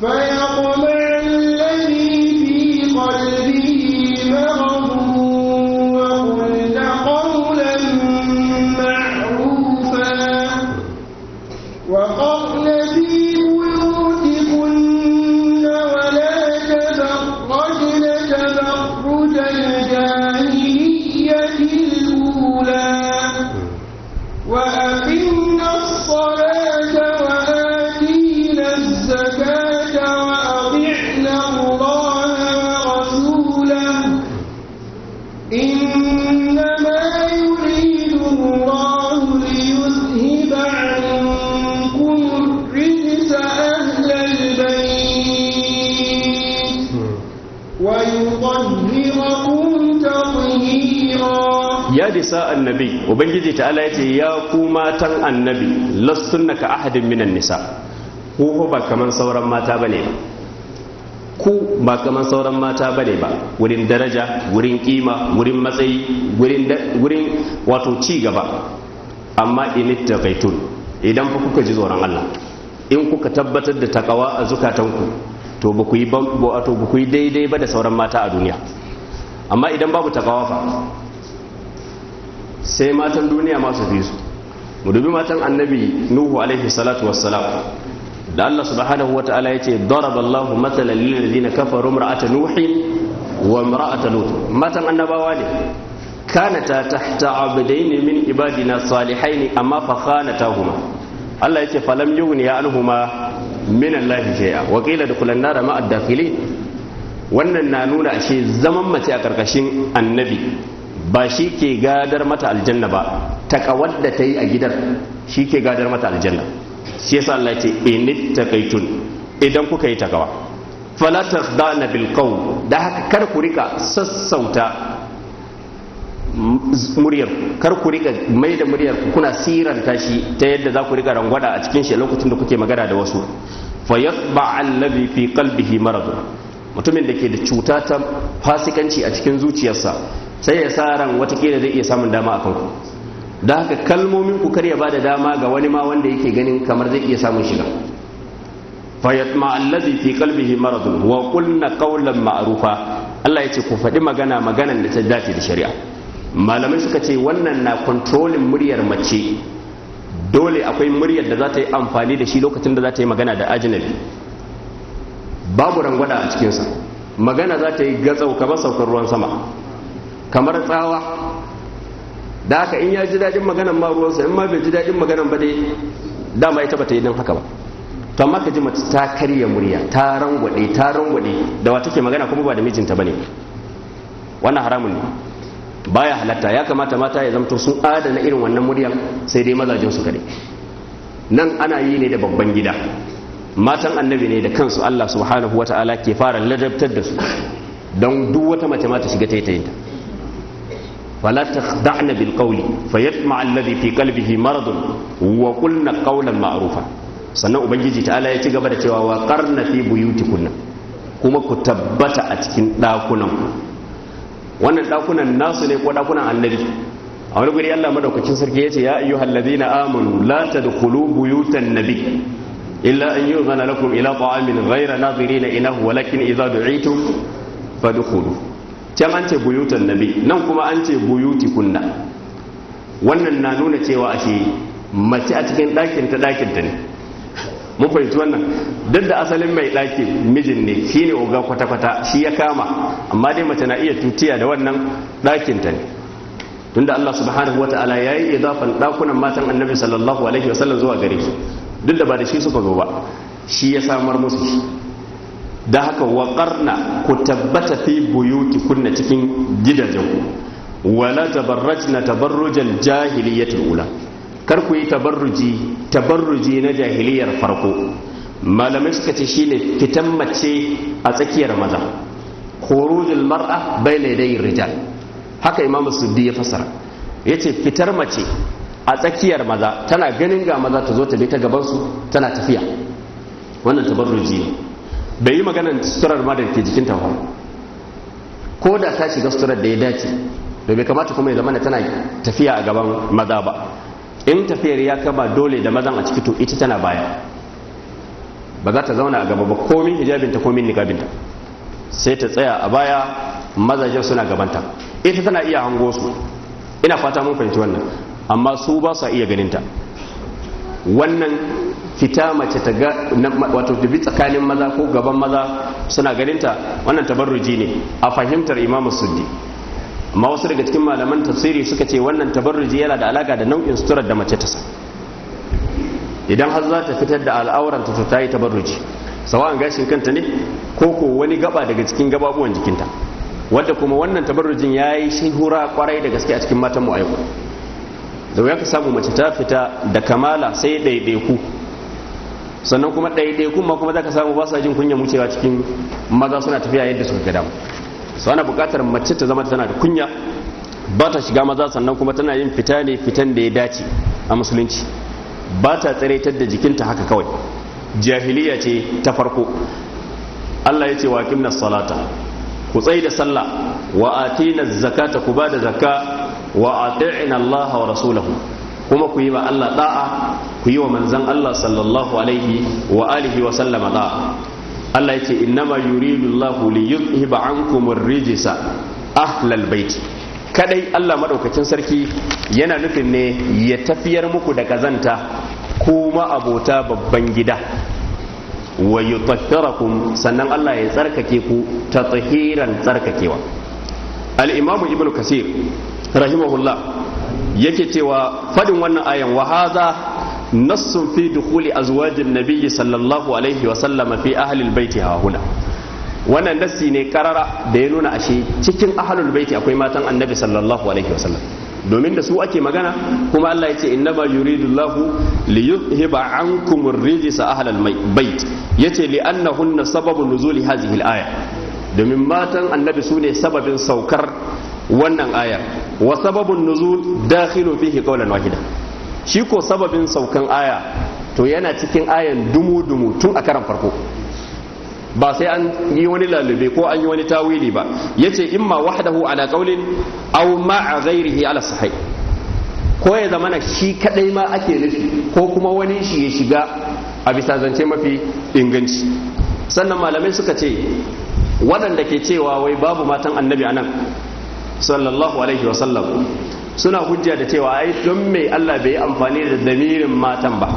But nisa annabi ubangiji ta'ala ya ce ya ku matan annabi lastunna ka ahadin minan nisa ku ba kaman sauran mata bane ba ku ba kaman sauran mata bane ba wurin daraja wurin kima wurin matsayi wurin wato ci gaba amma inittaqaitun idan fa kuka ji tsoron Allah in kuka tabbatar da takawa a zukatanku to ba ku yi daidai ba da sauran mata a duniya amma idan babu takawa fa sai matan duniya masu fi su mu dubi matan annabi nuhu alaihi salatu wassalam da Allah subhanahu wa ta'ala yace daraballahu matalan lil ladina kafaru imra'ata nuhi wa imra'ata lut matan annabawa ne kanata tahta abdaini min ibadina salihaini amma fa khanatahuma Allah yace falam yughni anhuma min Allah shay'a wa qila dukulan nar ma'a dakhilin wannan na nuna ashe zaman mace a karkashin annabi ba shi ke gadar mata aljanna ba takawar da ta yi a gidan shi ke gadar mata aljanna shi yasa Allah ce init takaitun idan kuka yi takawa falatar da na bilkau da haka kar ku rika sassauta muryar kar ku rika mai da muryar ku kuna siranta shi ta yadda za ku rika rangwada a cikin shi lokacin da kuke magana da wasu fa yatba allazi fi qalbihi marad mutumin da ke da cuta ta fasikanci a cikin zuciyarsa sai ya sa ran watakila zai iya samun dama a kanku da haka kalmomin ku kar ya ba da dama ga wani ma wanda yake ganin kamar zai iya samun shiga fayatma allazi fi qalbihi maradun wa qulna qawlan ma'rufa Allah ya ce ku faɗi magana maganan da ta dace da shari'a malamai suka ce wannan na kontrolin muryar mace dole akwai muryar da za ta yi amfani da shi lokacin da za ta yi magana da ajinabi babu rangwada a cikinsa magana za ta yi gatsau ba saukar ruwan sama kamar tsawa da haka in ya ji daɗin maganan ma ruwansa in ma bai ji daɗin maganan ba dai dama ita bata yi don haka ba to amma ka ji mace ta karya murya ta rangwade ta rangwade da wa ke magana kuma ba da mijinta ba bane wannan haramun ne baya halatta ya kamata mata ya zamto sun adana irin wannan murya sai dai mazajen su kare nan ana yi ne da babban gida matan annabi ne da kansu Allah subhanahu wata'ala ke fara ladabtar da su don duk wata mace ma ta shiga taitayinta فلا تخدعن بالقول فيطمع الذي في قلبه مرض وقلن قولا معروفا sannan ubangiji ta'ala ya ci gaba da cewa wa qarna fi buyutikunna kuma ku tabbata a cikin dakunan ku wannan dakunan nasu ne ko dakunan annabi a wani guri Allah madaukakin sarki yace ya ayyuhal ladina amanu la tadkhulu buyutan nabi illa an yughana lakum ila ta'amin ghayra nadirin ilahu walakin idza du'itum fadkhulu can an ce buyutan nabi nan kuma an ce buyuti kunna wannan na nuna cewa ashe mace a cikin ɗakin ta ɗakin ta ne mun fahimci wannan duk da asalin mai ɗakin mijin ne shi ne oga kwata-kwata shi ya kama amma dai mace na iya tutiya da wannan ɗakin ta ne tunda Allah subhanahu wa ta'ala ya yi idafan ɗakunan matan annabi sallallahu alaihi wasallam zuwa gare su duk da ba da shi suka zo ba shi ya samar musu da haka waƙar na ku tabbata fi buyuti kunna cikin gidajenku wala na tabarrujan jahiliyatul ula kar ku yi tabarruji tabarruji na jahiliyar farko malamai suka ce shine fitan mace a tsakiyar maza khurujul mar'a bayna yaday rijal haka imam suddi ya fasara yace fitar mace a tsakiyar maza tana ganin ga maza ta zo ta bi ta gaban su tana tafiya wannan tabarruji ne bai yi maganan suturar ma da ke jikin ta ko da ta shiga suturar da ya dace da bai kamata kuma ya zama tana tafiya a gaban maza ba in tafiyar ya kaba dole da mazan a ciki to ita tana baya ba za ta zauna a gaba ba komin hijabinta komin niqabinta sai ta tsaya a baya mazajen suna gabanta ita tana iya hango su ina fata mun fahimci wannan amma su ba su iya ganinta wannan fita mace ta ga wato bi tsakanin maza ko gaban maza suna ganinta wannan tabarruji ne a fahimtar imam suddi amma wasu daga cikin malaman tafsiri suka ce wannan tabarruji yana da alaka da nau'in suturar da mace ta sa idan har za ta fitar da al'auranta ta ta yi tabarruji sawa'an gashin kanta ne ko ko wani gaba daga cikin gababuwan jikinta wadda kuma wannan tabarrujin ya yi shihura kwarai da gaske a cikin matan mu aiko da ya ka samu mace ta fita da kamala sai ɗaiɗaiku sannan kuma ɗaiɗai kuma kuma za ka samu ba sa jin kunya wucewa cikin maza suna tafiya yadda suka ga dama ana buƙatar mace ta zama tana da kunya ba ta shiga maza sannan kuma tana yin fita ne fitan da ya dace a musulunci ba ta tsiraitar da jikinta haka kawai jahiliya ce ta farko Allah ya ce wa kimna salata ku tsaye da sallah wa atina zakata ku ba da zakka wa ati'ina Allah wa rasulahu kuma ku yi wa Allah da'a ku yi wa manzan Allah sallallahu alaihi wa alihi wa sallama da'a Allah ya ce innama yuridu Allah li yuzhiba ankum ar-rijsa ahlal bait kadai Allah madaukakin sarki yana nufin ne ya tafiyar muku da kazanta kuma abota babban gida wa yutahhirakum sannan Allah ya tsarkake ku ta tsahiran tsarkakewa al-imamu ibnu kasir rahimahullah yake cewa fadin wannan ayan wahaza hadha nassun fi dukhuli azwajin nabiyyi sallallahu alaihi wa sallama fi ahli albayti hahuna wannan nassi ne karara da ya nuna ashe cikin ahlul baiti akwai matan annabi sallallahu alaihi wa sallam domin da su ake magana kuma Allah ya ce innama yuridullahu li yuzhiba ankum ar-rijsa ahlal bait yace li annahunna sababu nuzuli hadhihi al-aya domin matan annabi sune sababin saukar wannan ayar wa sababun nuzul dakhilu fihi qawlan wahida shi ko sababin saukan aya to yana cikin ayan dumu dumu tun a karan farko ba sai an yi wani lalube ko an yi wani tawili ba yace imma wahdahu ala qawlin aw ma'a ghairihi ala sahih ko ya zamana shi kadai ma ake nufi ko kuma wani shi ya shiga a bisa zance mafi inganci sannan malamai suka ce waɗanda ke cewa wai babu matan annabi anan sallallahu alaihi wasallam suna hujja da cewa ai don mai Allah bai amfani da damirin matan ba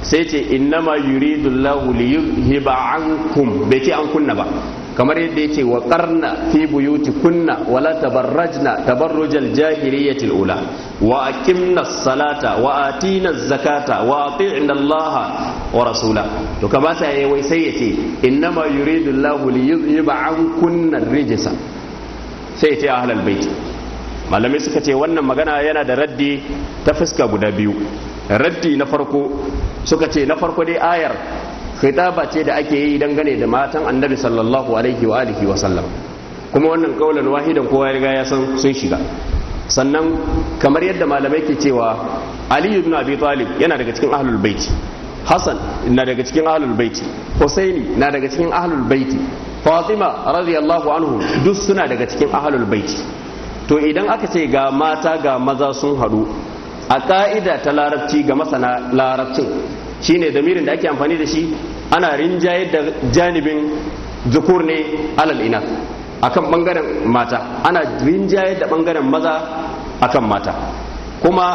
sai ce innama yuridullahu li yuhiba ankum bai ce an kunna ba kamar yadda yake wa qarna fi buyuti kunna wala tabarrajna tabarrujal jahiliyatil ula wa aqimna salata wa atina zakata wa ati'na allaha wa rasula to kamata yayi wai sai yace innama yuridullahu li yuhiba ankunna rijsa sai ya ce ahlal bait malamai suka ce wannan magana yana da raddi ta fuska guda biyu raddi na farko suka ce na farko dai ayar khitaba ce da ake yi dangane da matan annabi sallallahu alaihi wa alihi wa sallam kuma wannan kaulan wahidan kowa ya riga ya san sun shiga sannan kamar yadda malamai ke cewa Aliyu ibn abi talib yana daga cikin ahlul bait Hassan na daga cikin ahlul baiti Husaini na daga cikin ahlul baiti Fatima radiyallahu anhu duk suna daga cikin ahlul baiti to idan aka ce ga mata ga maza sun hadu a ka'ida ta larabci ga masana larabcin shine damirin da ake amfani da shi ana rinjaye da janibin zukur ne alal ina akan bangaren mata ana rinjaye da bangaren maza akan mata kuma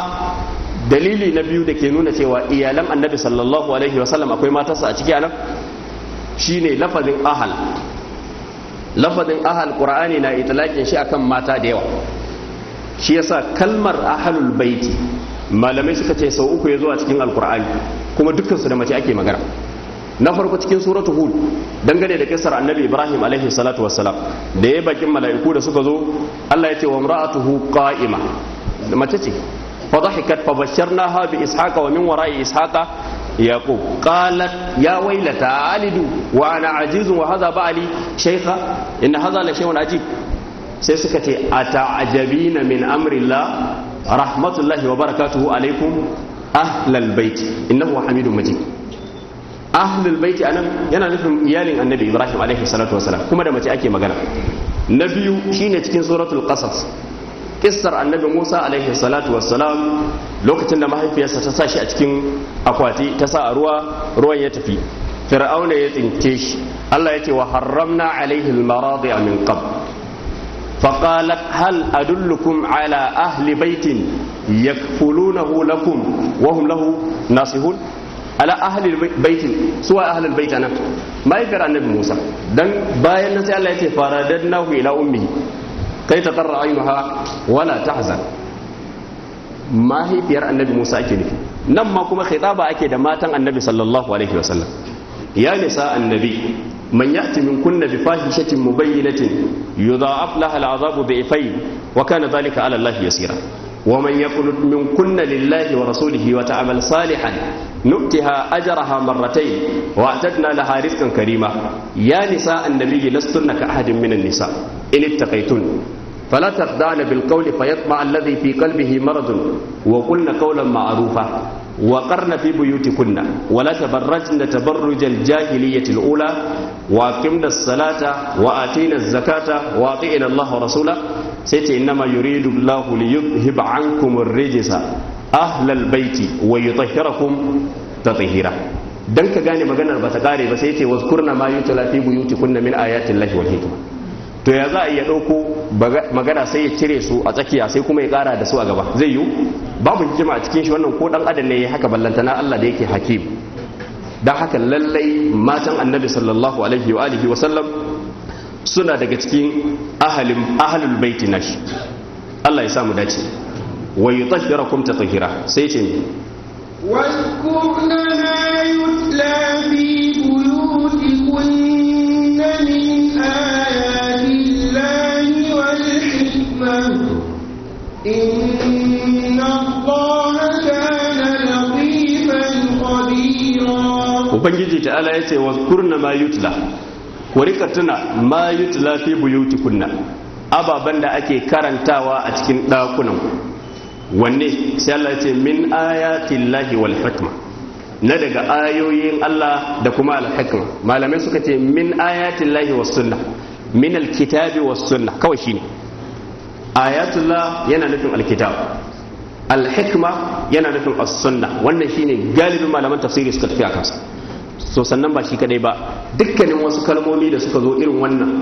dalili na biyu da ke nuna cewa iyalan annabi sallallahu alaihi wasallam akwai matarsa a ciki anan ne lafazin ahal lafazin ahal ƙura'ani na italakin shi akan mata da yawa shi yasa kalmar ahalul baiti malamai suka ce sau uku ya zo a cikin alkur'ani kuma dukkansu da mace ake magana na farko cikin suratu hud dangane da kisar annabi ibrahim alaihi salatu wassalam da ya bakin mala'iku da suka zo allah ya ce wa imra'atuhu qa'ima mace ce فضحكت فبشرناها بإسحاق ومن وراء إسحاق يعقوب قالت يا ويلتى ألد وأنا عجيز وهذا بعلي شيخة إن هذا لشيء عجيب sai suka ce a ta'ajabina min amrillah rahmatullahi wa barakatuhu alaikum ahlal baiti innahu hamidun majid ahlul baiti anan yana nufin iyalin annabi ibrahim alaihi salatu wasalam kuma da mace ake magana na biyu shine cikin suratul qasas kissar annabi musa alaihi salatu wassalam lokacin da mahaifiyarsa ta sa shi a cikin akwati ta sa a ruwa ruwan ya tafi fir'auna ya tsinke shi allah ya ce wa haramna alaihi almaradi min qab فقالت هل أدلكم على أهل بيت يكفلونه لكم وهم له ناصحون ala ahli baitin suwa ahlil bait mahaifiyar annabi Musa dan bayan na sai Allah ya ce faradannahu ila ummihi kai ta tarra ayyuha wala tahzan mahaifiyar annabi musa ake nufi nan ma kuma khitaba ake da matan annabi sallallahu alaihi wasallam ya nisa annabi man yati min kunna bi fahishatin mubayyinatin yudha'af laha al'azab bi'fay wa kana dhalika 'ala allahi yasira wa man yaqul min kunna lillahi wa rasulihi wata ta'mal salihan nuktiha ajraha marratayn wa atadna laha rizqan karima ya nisa annabi lastunna ka ahadin min an-nisa in ittaqaytun فلا تخدعن بالقول فيطمع الذي في قلبه مرض وقلن قولا معروفا وقرن في بيوتكن ولا تبرجن تبرج الجاهلية الأولى وأقمنا الصلاة وآتينا الزكاة وأطيعنا الله ورسوله سيتي إنما يريد الله ليذهب عنكم الرجس أهل البيت ويطهركم تطهيرا dan ka gane maganar ba ta kare ba sai ce wazkurna ma yutla fi buyutikunna min ayatin lahi wal hikma to ya za a iya ɗauko magana sai ya cire su a tsakiya sai kuma ya ƙara da su a gaba zai yiwu babu hikima a cikin shi wannan ko ɗan adam ne ya haka ballantana Allah da yake hakim don haka lallai matan annabi sallallahu alaihi wa alihi wasallam suna daga cikin ahalin ahalul baiti nashi Allah ya samu dace wa yutahhirakum tatahira sai ce ne واذكرن ما yutla fi buyutikum ubangiji ta'ala ya ce wa kurna ma yutla wa rika tuna ma yutla fi buyuti kunna ababen da ake karantawa a cikin ɗakunan wanne sai Allah ya ce min ayatin lahi wal hikma na daga ayoyin Allah da kuma al hikma malamai suka ce min ayatin lahi was sunna min al kitabi was sunna kawai shine ayatullah yana nufin alkitab alhikma yana nufin as-sunna wannan shine galibin malaman tafsiri suka tafi a sa so sannan ba shi kadai ba dukkanin wasu kalmomi da suka zo irin wannan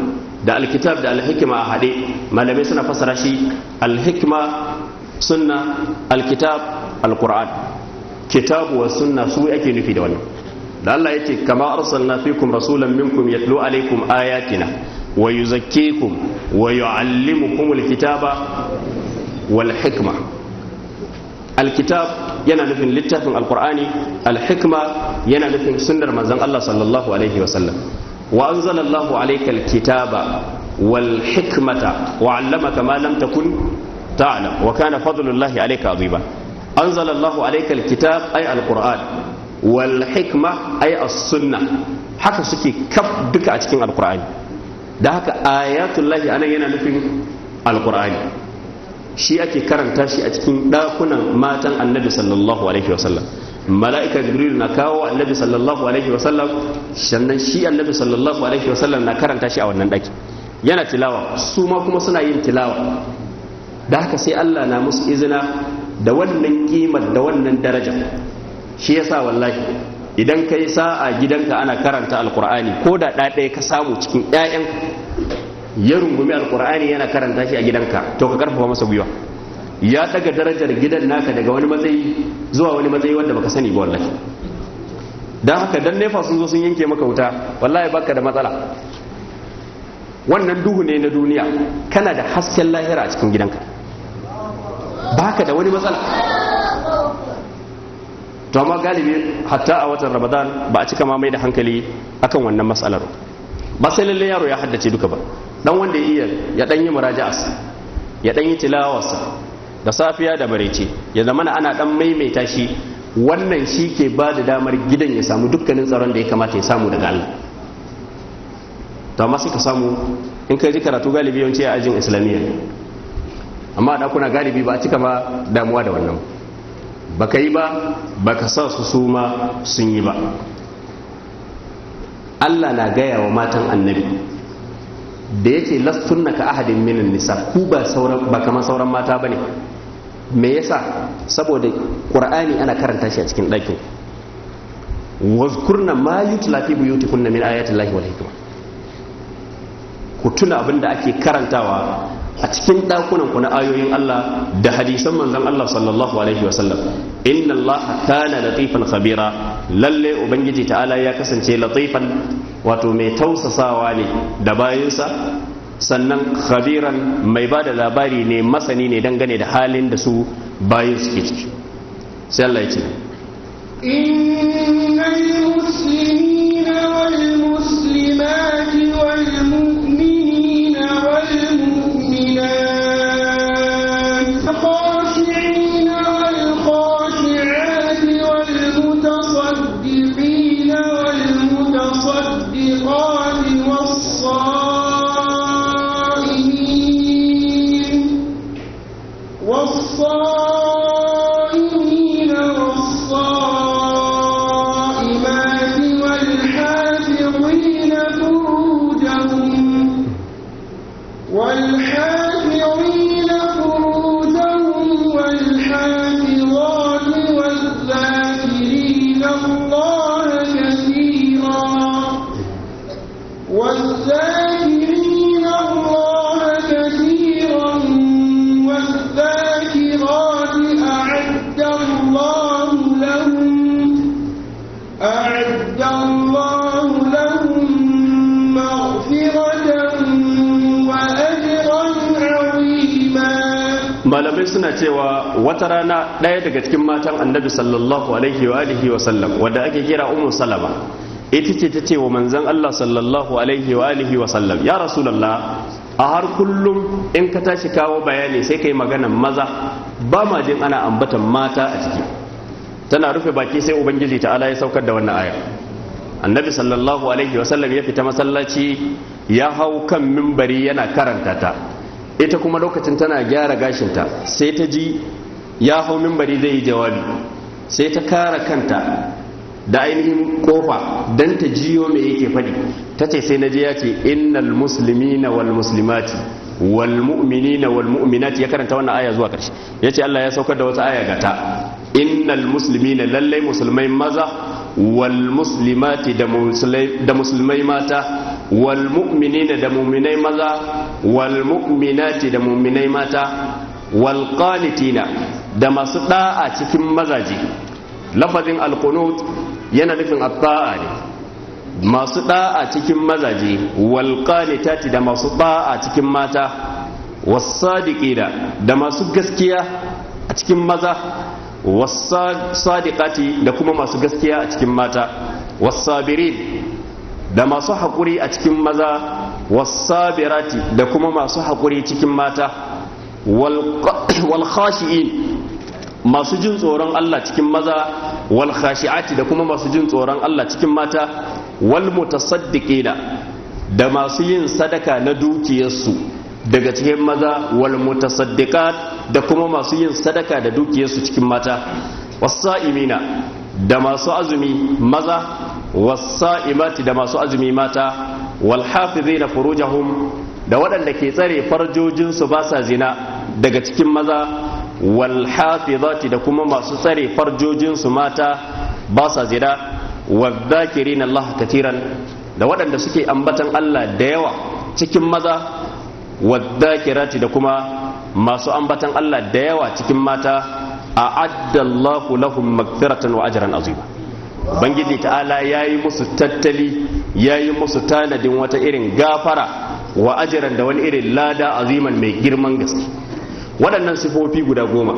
da alkitab da alhikma a haɗe malamai suna fassara shi alhikma sunna alkitab alquran kitabu wa sunna su ake nufi da wannan da Allah yake kama arsalna fikum rasulan minkum yatlu alaikum ayatina wa yuzakkikum wa yu'allimukum alkitaba wal hikma alkitab yana nufin littafin alqur'ani alhikma yana nufin sunnar manzon Allah sallallahu alaihi wasallam wa anzala Allahu alayka alkitaba wal hikmata wa 'allamaka ma lam takun ta'lam wa kana fadlullahi alayka 'azima anzala Allahu alayka alkitab ay alqur'an wal hikma ay haka suke kaf duka a cikin alqur'ani da haka ayatullahi anan yana nufin alkur'ani shi ake karanta shi a cikin dakunan matan annabi sallallahu alaihi wasallam mala'ika jibril na kawo annabi sallallahu alaihi wasallam sannan shi annabi sallallahu alaihi wasallam na karanta shi a wannan daki. yana tilawa su ma kuma suna yin tilawa da haka sai Allah na musu izina da wannan kimar da wannan daraja shi yasa wallahi idan ka yi sa'a gidanka ana karanta alkur'ani ko da ɗaɗaya ka samu cikin ɗayan ya rungumi alkur'ani yana karanta shi a gidanka to ka karfafa masa gwiwa ya daga darajar gidan naka daga wani matsayi zuwa wani matsayi wanda baka sani ba wallahi dan haka dan nefa sun zo sun yanke maka wuta wallahi baka da matsala wannan duhu ne na duniya kana da hasken lahira a cikin gidanka baka da wani matsala to amma galibi hatta a watan ramadan ba a cika ma mai da hankali akan wannan matsalar ba sai lalle yaro ya haddace duka ba dan wanda ya iya ya dan yi muraja'as ya dan yi tilawarsa da safiya da barece ya zama ana dan maimaita shi wannan shi ke ba da damar gidan ya samu dukkanin tsaron da ya kamata ya samu daga Allah to amma sai ka samu in kai ji karatu galibi yawanci a ajin islamiyya amma a kuna galibi ba a cika ma damuwa da wannan baka yi ba baka sa su su ma sun yi ba Allah na gaya wa matan annabi da yake lastunna ka ahadin minan nisa ku ba sauran ba kamar sauran mata ba ne? me yasa saboda ƙur'ani ana karanta shi a cikin ɗakin wazkurna ma yutla fi buyutikunna min ayati wal hikma ku tuna abin da ake karantawa a cikin ɗakunan ku na ayoyin Allah da hadisan manzon Allah sallallahu alaihi sallam inna Allah kana latifan khabira lalle ubangiji ta'ala ya kasance latifan wato mai tausasawa ne da bayansa sannan khabiran mai ba da labari ne masani ne dangane da halin da su bayan suke ciki sai Allah ya ce ɗaya daga cikin matan annabi sallallahu alaihi wa alihi wa sallam wadda ake kira ummu salama ita ce ta ce wa manzon Allah sallallahu alaihi wa alihi wa sallam ya rasulullah a har kullum in ka tashi kawo bayani sai kai magana maza ba ma jin ana ambatan mata a ciki tana rufe baki sai ubangiji ta ala ya saukar da wannan aya annabi sallallahu alaihi wa sallam ya fita masallaci ya hau kan mimbari yana karanta ta ita kuma lokacin tana gyara gashinta sai ta ji ya hau mimbari zai yi jawabi sai ta kara kanta da ainihin kofa don ta jiyo mai yake faɗi ta ce sai na je ce innal na wal musulmati, wal na wal mu'minati ya karanta wannan aya zuwa ƙarshe ya ce Allah ya saukar da wata aya gata innal na lallai musulmai maza wal musulmati da musulmai mata wal na da mu'minai maza wal mu'minati da mu'minai mata wal qanitina da masu da'a cikin mazaje lafazin alqunut yana nufin atta'a ne masu da'a cikin mazaje wal qanitati da masu da'a cikin mata was wasadiqina da masu gaskiya a cikin maza was sadiqati da kuma masu gaskiya a cikin mata Was-sabirin da masu haƙuri a cikin maza Was-sabirati da kuma masu haƙuri cikin mata khashiin masu jin tsoron Allah cikin maza wal khashi'ati da kuma masu jin tsoron Allah cikin mata wal mutasaddiqina da masu yin sadaka na dukiyarsu daga cikin maza wal mutasaddiqat da kuma masu yin sadaka da dukiyarsu cikin mata wasa'imina da masu azumi maza wasa'imati da masu azumi mata wal hafizina furujahum da waɗanda ke tsare farjojinsu ba sa zina daga cikin maza wal hafizati da kuma masu tsare farjojinsu mata ba sa zina na Allah katiran da waɗanda suke ambatan Allah da yawa cikin maza wadhakirati da kuma masu ambatan Allah da yawa cikin mata a Allahu lahum magfiratan wa ajran azima bangiji ta'ala yayi musu tattali yayi musu tanadin wata irin gafara wa da wani irin lada aziman mai girman gaske waɗannan sifofi guda goma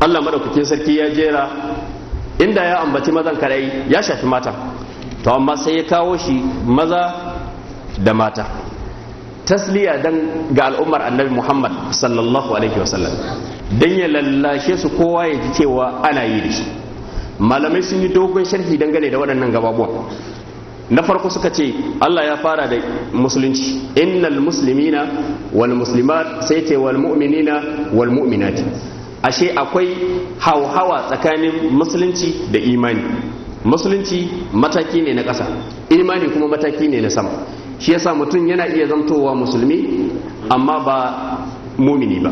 Allah maɗaukakin sarki ya jera inda ya ambaci mazan kaɗai ya shafi mata to amma sai ya kawo shi maza da mata tasliya dan ga al'ummar annabi Muhammad sallallahu alaihi wasallam dan ya lallashe su kowa ya ji cewa ana yi da shi malamai sun yi dogon sharhi dangane da waɗannan gababuwa. na farko suka ce Allah ya fara da musulunci innal muslimina wal muslimat sai ce wal mu'minina wal mu'minat ashe akwai hauhawa tsakanin musulunci da imani musulunci mataki ne na ƙasa imani kuma mataki ne na sama shi yasa mutum yana iya zamtowa musulmi amma ba mumini ba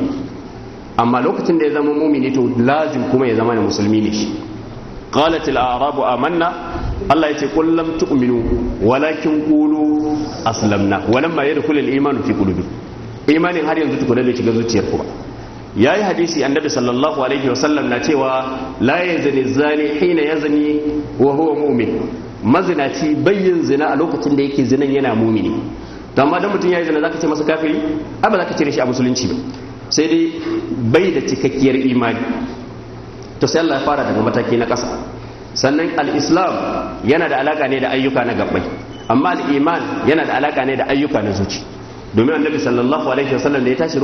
amma lokacin da ya zama mumini to lazim kuma ya zama musulmi ne shi قالت arabu amanna Allah ya ce kullum tu'minu walakin qulu aslamna walamma yadkhulu al-iman fi qulubi imanin har yanzu tukuna da shiga zuciyar ku ba yayi hadisi annabi sallallahu alaihi sallam na cewa la yazni zani hina yazni wa huwa mu'min mazinaci bayyin zina a lokacin da yake zinan yana mumini to amma dan mutum yayi zina zaka ce masa kafiri ai ba zaka ce shi a musulunci ba sai dai bai da cikakkiyar imani to sai Allah ya fara daga mataki na ƙasa sannan al-islam yana da alaƙa ne da ayyuka na gabbai amma al-iman yana da alaƙa ne da ayyuka na zuci domin annabi sallallahu alaihi wasallam da ya tashi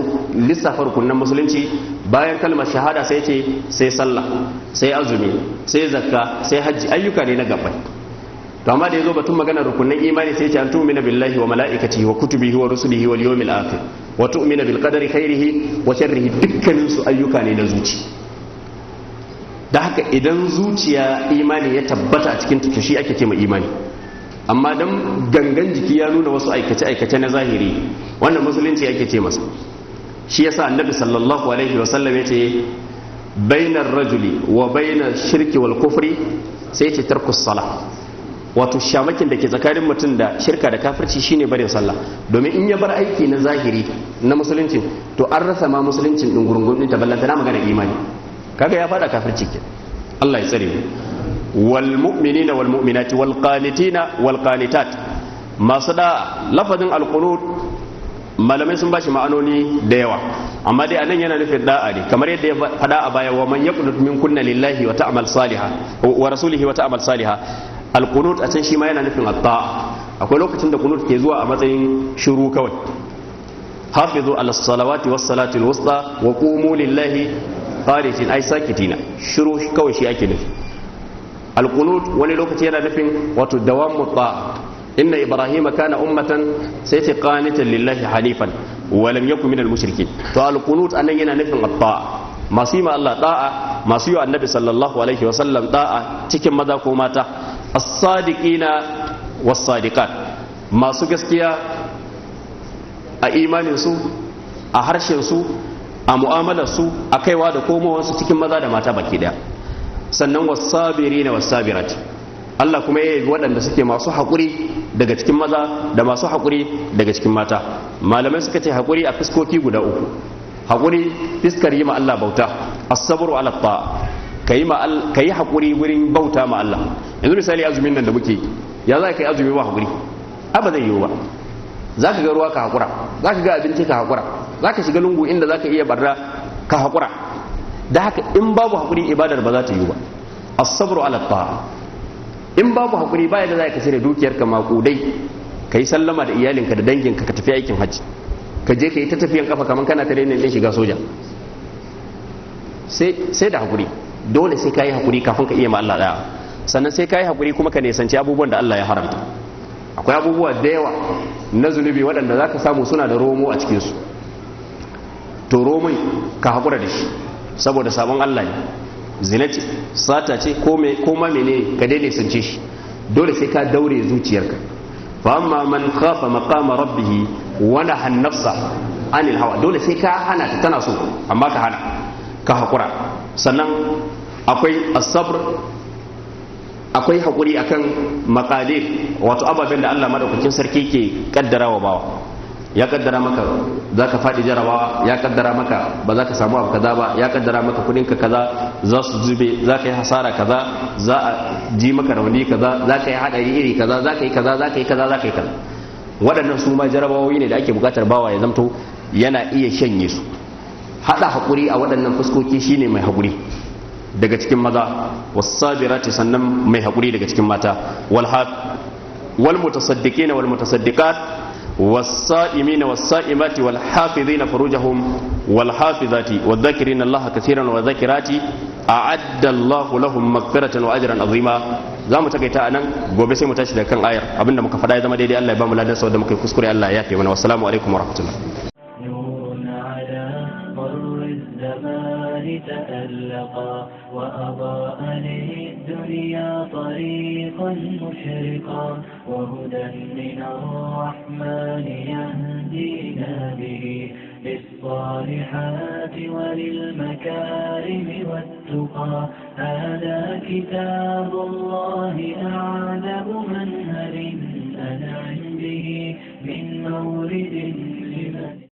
lissafar kunnan musulunci bayan kalmar shahada sai ce sai sallah sai azumi sai zakka sai hajji ayyuka ne na gabbai to amma da yazo batun maganar rukunan imani sai ce an tu'mina billahi wa mala'ikatihi wa kutubihi wa rusulihi wal yawmil akhir wa tu'mina bil qadari khairihi wa sharrihi dukkanin su ayyuka ne na zuci da haka idan zuciya imani ya tabbata a cikin to shi ake ce ma imani amma dan gangan jiki ya nuna wasu aikace aikace na zahiri wannan musulunci ake ce masa shi yasa annabi sallallahu alaihi wa sallam yace bainar rajuli wa bainar shirki wal kufri sai ce tarkus sala wato shamakin da ke tsakanin mutum da shirka da kafirci shine barin sallah domin in ya bar aiki na zahiri na musulunci to an rasa ma musulunci din gurungun din ta na magana imani kaga ya fada kafirci ke Allah ya tsare mu wal mu'minina wal mu'minati wal qanitina wal qanitat masu da lafazin al malamai sun bashi ma'anoni da yawa amma dai anan yana nufin da'a ne kamar yadda ya fada a baya wa man yaqnut min kunna lillahi wa ta'mal saliha wa rasulihi wa ta'mal saliha al a can shi ma yana nufin at akwai lokacin da kunut ke zuwa a matsayin shiru kawai hafizu ala salawati was salati al-wusta wa qumu lillahi qanitin ai sakitina shiru kawai shi ake nufi alqunut wani lokaci yana nufin wato dawam mutta inna ibrahima kana ummatan sai ce qanitan lillahi hanifan wa lam yakun minal mushrikin to alqunut anan yana nufin atta masu yi ma Allah da'a masu yi annabi sallallahu alaihi wa sallam da'a cikin maza ko mata as-sadiqina was-sadiqat masu gaskiya a imanin su a harshen su a mu'amalar su a kaiwa da komowarsu cikin maza da mata baki daya sannan wasabiri na wasabirat Allah kuma ya yi waɗanda suke masu haƙuri daga cikin maza da masu haƙuri daga cikin mata malamai suka ce haƙuri a fiskoki guda uku haƙuri fiskar yi ma Allah bauta as-sabru ala ka yi haƙuri wurin bauta ma Allah yanzu misali azumin nan da muke ya za ka yi azumi ba haƙuri ba zai yiwu ba za ka ga ruwa ka haƙura za ka ga abinci ka haƙura za ka shiga lungu inda za ka iya barra ka haƙura da haka in babu haƙuri ibadar ba za ta yi ba asabru ala in babu haƙuri baya da za ka dukiyar ka makudai ka yi sallama da iyalinka da danginka ka tafi aikin hajji ka je ka yi ta tafiyan kafa kamar kana ta daina din shiga soja sai da haƙuri dole sai ka yi haƙuri kafin ka iya ma Allah ɗaya sannan sai ka yi haƙuri kuma ka nisanci abubuwan da Allah ya haramta akwai abubuwa da yawa na zunubi waɗanda za ka samu suna da romo a cikinsu to romai ka haƙura da shi saboda sabon allah ne zina ce sata ce ko ma mene ka daidai sun ce shi dole sai ka daure zuciyarka fa amma man khafa maqama rabbih wa naha an-nafsa anil hawa dole sai ka hana ta tana so amma ka hana ka hakura sannan akwai as akwai hakuri akan maqadir wato ababen da Allah madaukakin sarki ke kaddarawa bawa ya kaddara maka za ka faɗi jarawa ya kaddara maka ba za ka samu abu kaza ba ya kaddara maka kudinka kaza za su zube za ka yi hasara kaza za a ji maka rauni kaza za ka yi haɗari iri kaza za ka yi kaza za ka yi kaza za ka yi kaza waɗannan su ma jarabawoyi ne da ake buƙatar bawa ya zamto yana iya shanye su haɗa haƙuri a waɗannan fuskoki shine mai haƙuri daga cikin maza wasabirati sannan mai haƙuri daga cikin mata wal wal mutasaddiqina wal mutasaddiqat والصائمين والصائمات والحافظين فروجهم والحافظات والذاكرين الله كثيرا والذاكرات أعد الله لهم مغفرة وأجرا عظيما زامو تكيتا أنا غوبسي متشدى كان آير أبنى مكفدا يزم دي الله يبام لا دنسا ودمك يكسكري الله ياكي والسلام عليكم ورحمة الله نور على مر الزمان تألقا وأضاء يا طريقا مشرقا وهدى من الرحمن يهدينا به للصالحات وللمكارم والتقى هذا كتاب الله أعلم منهر أنعم به من مورد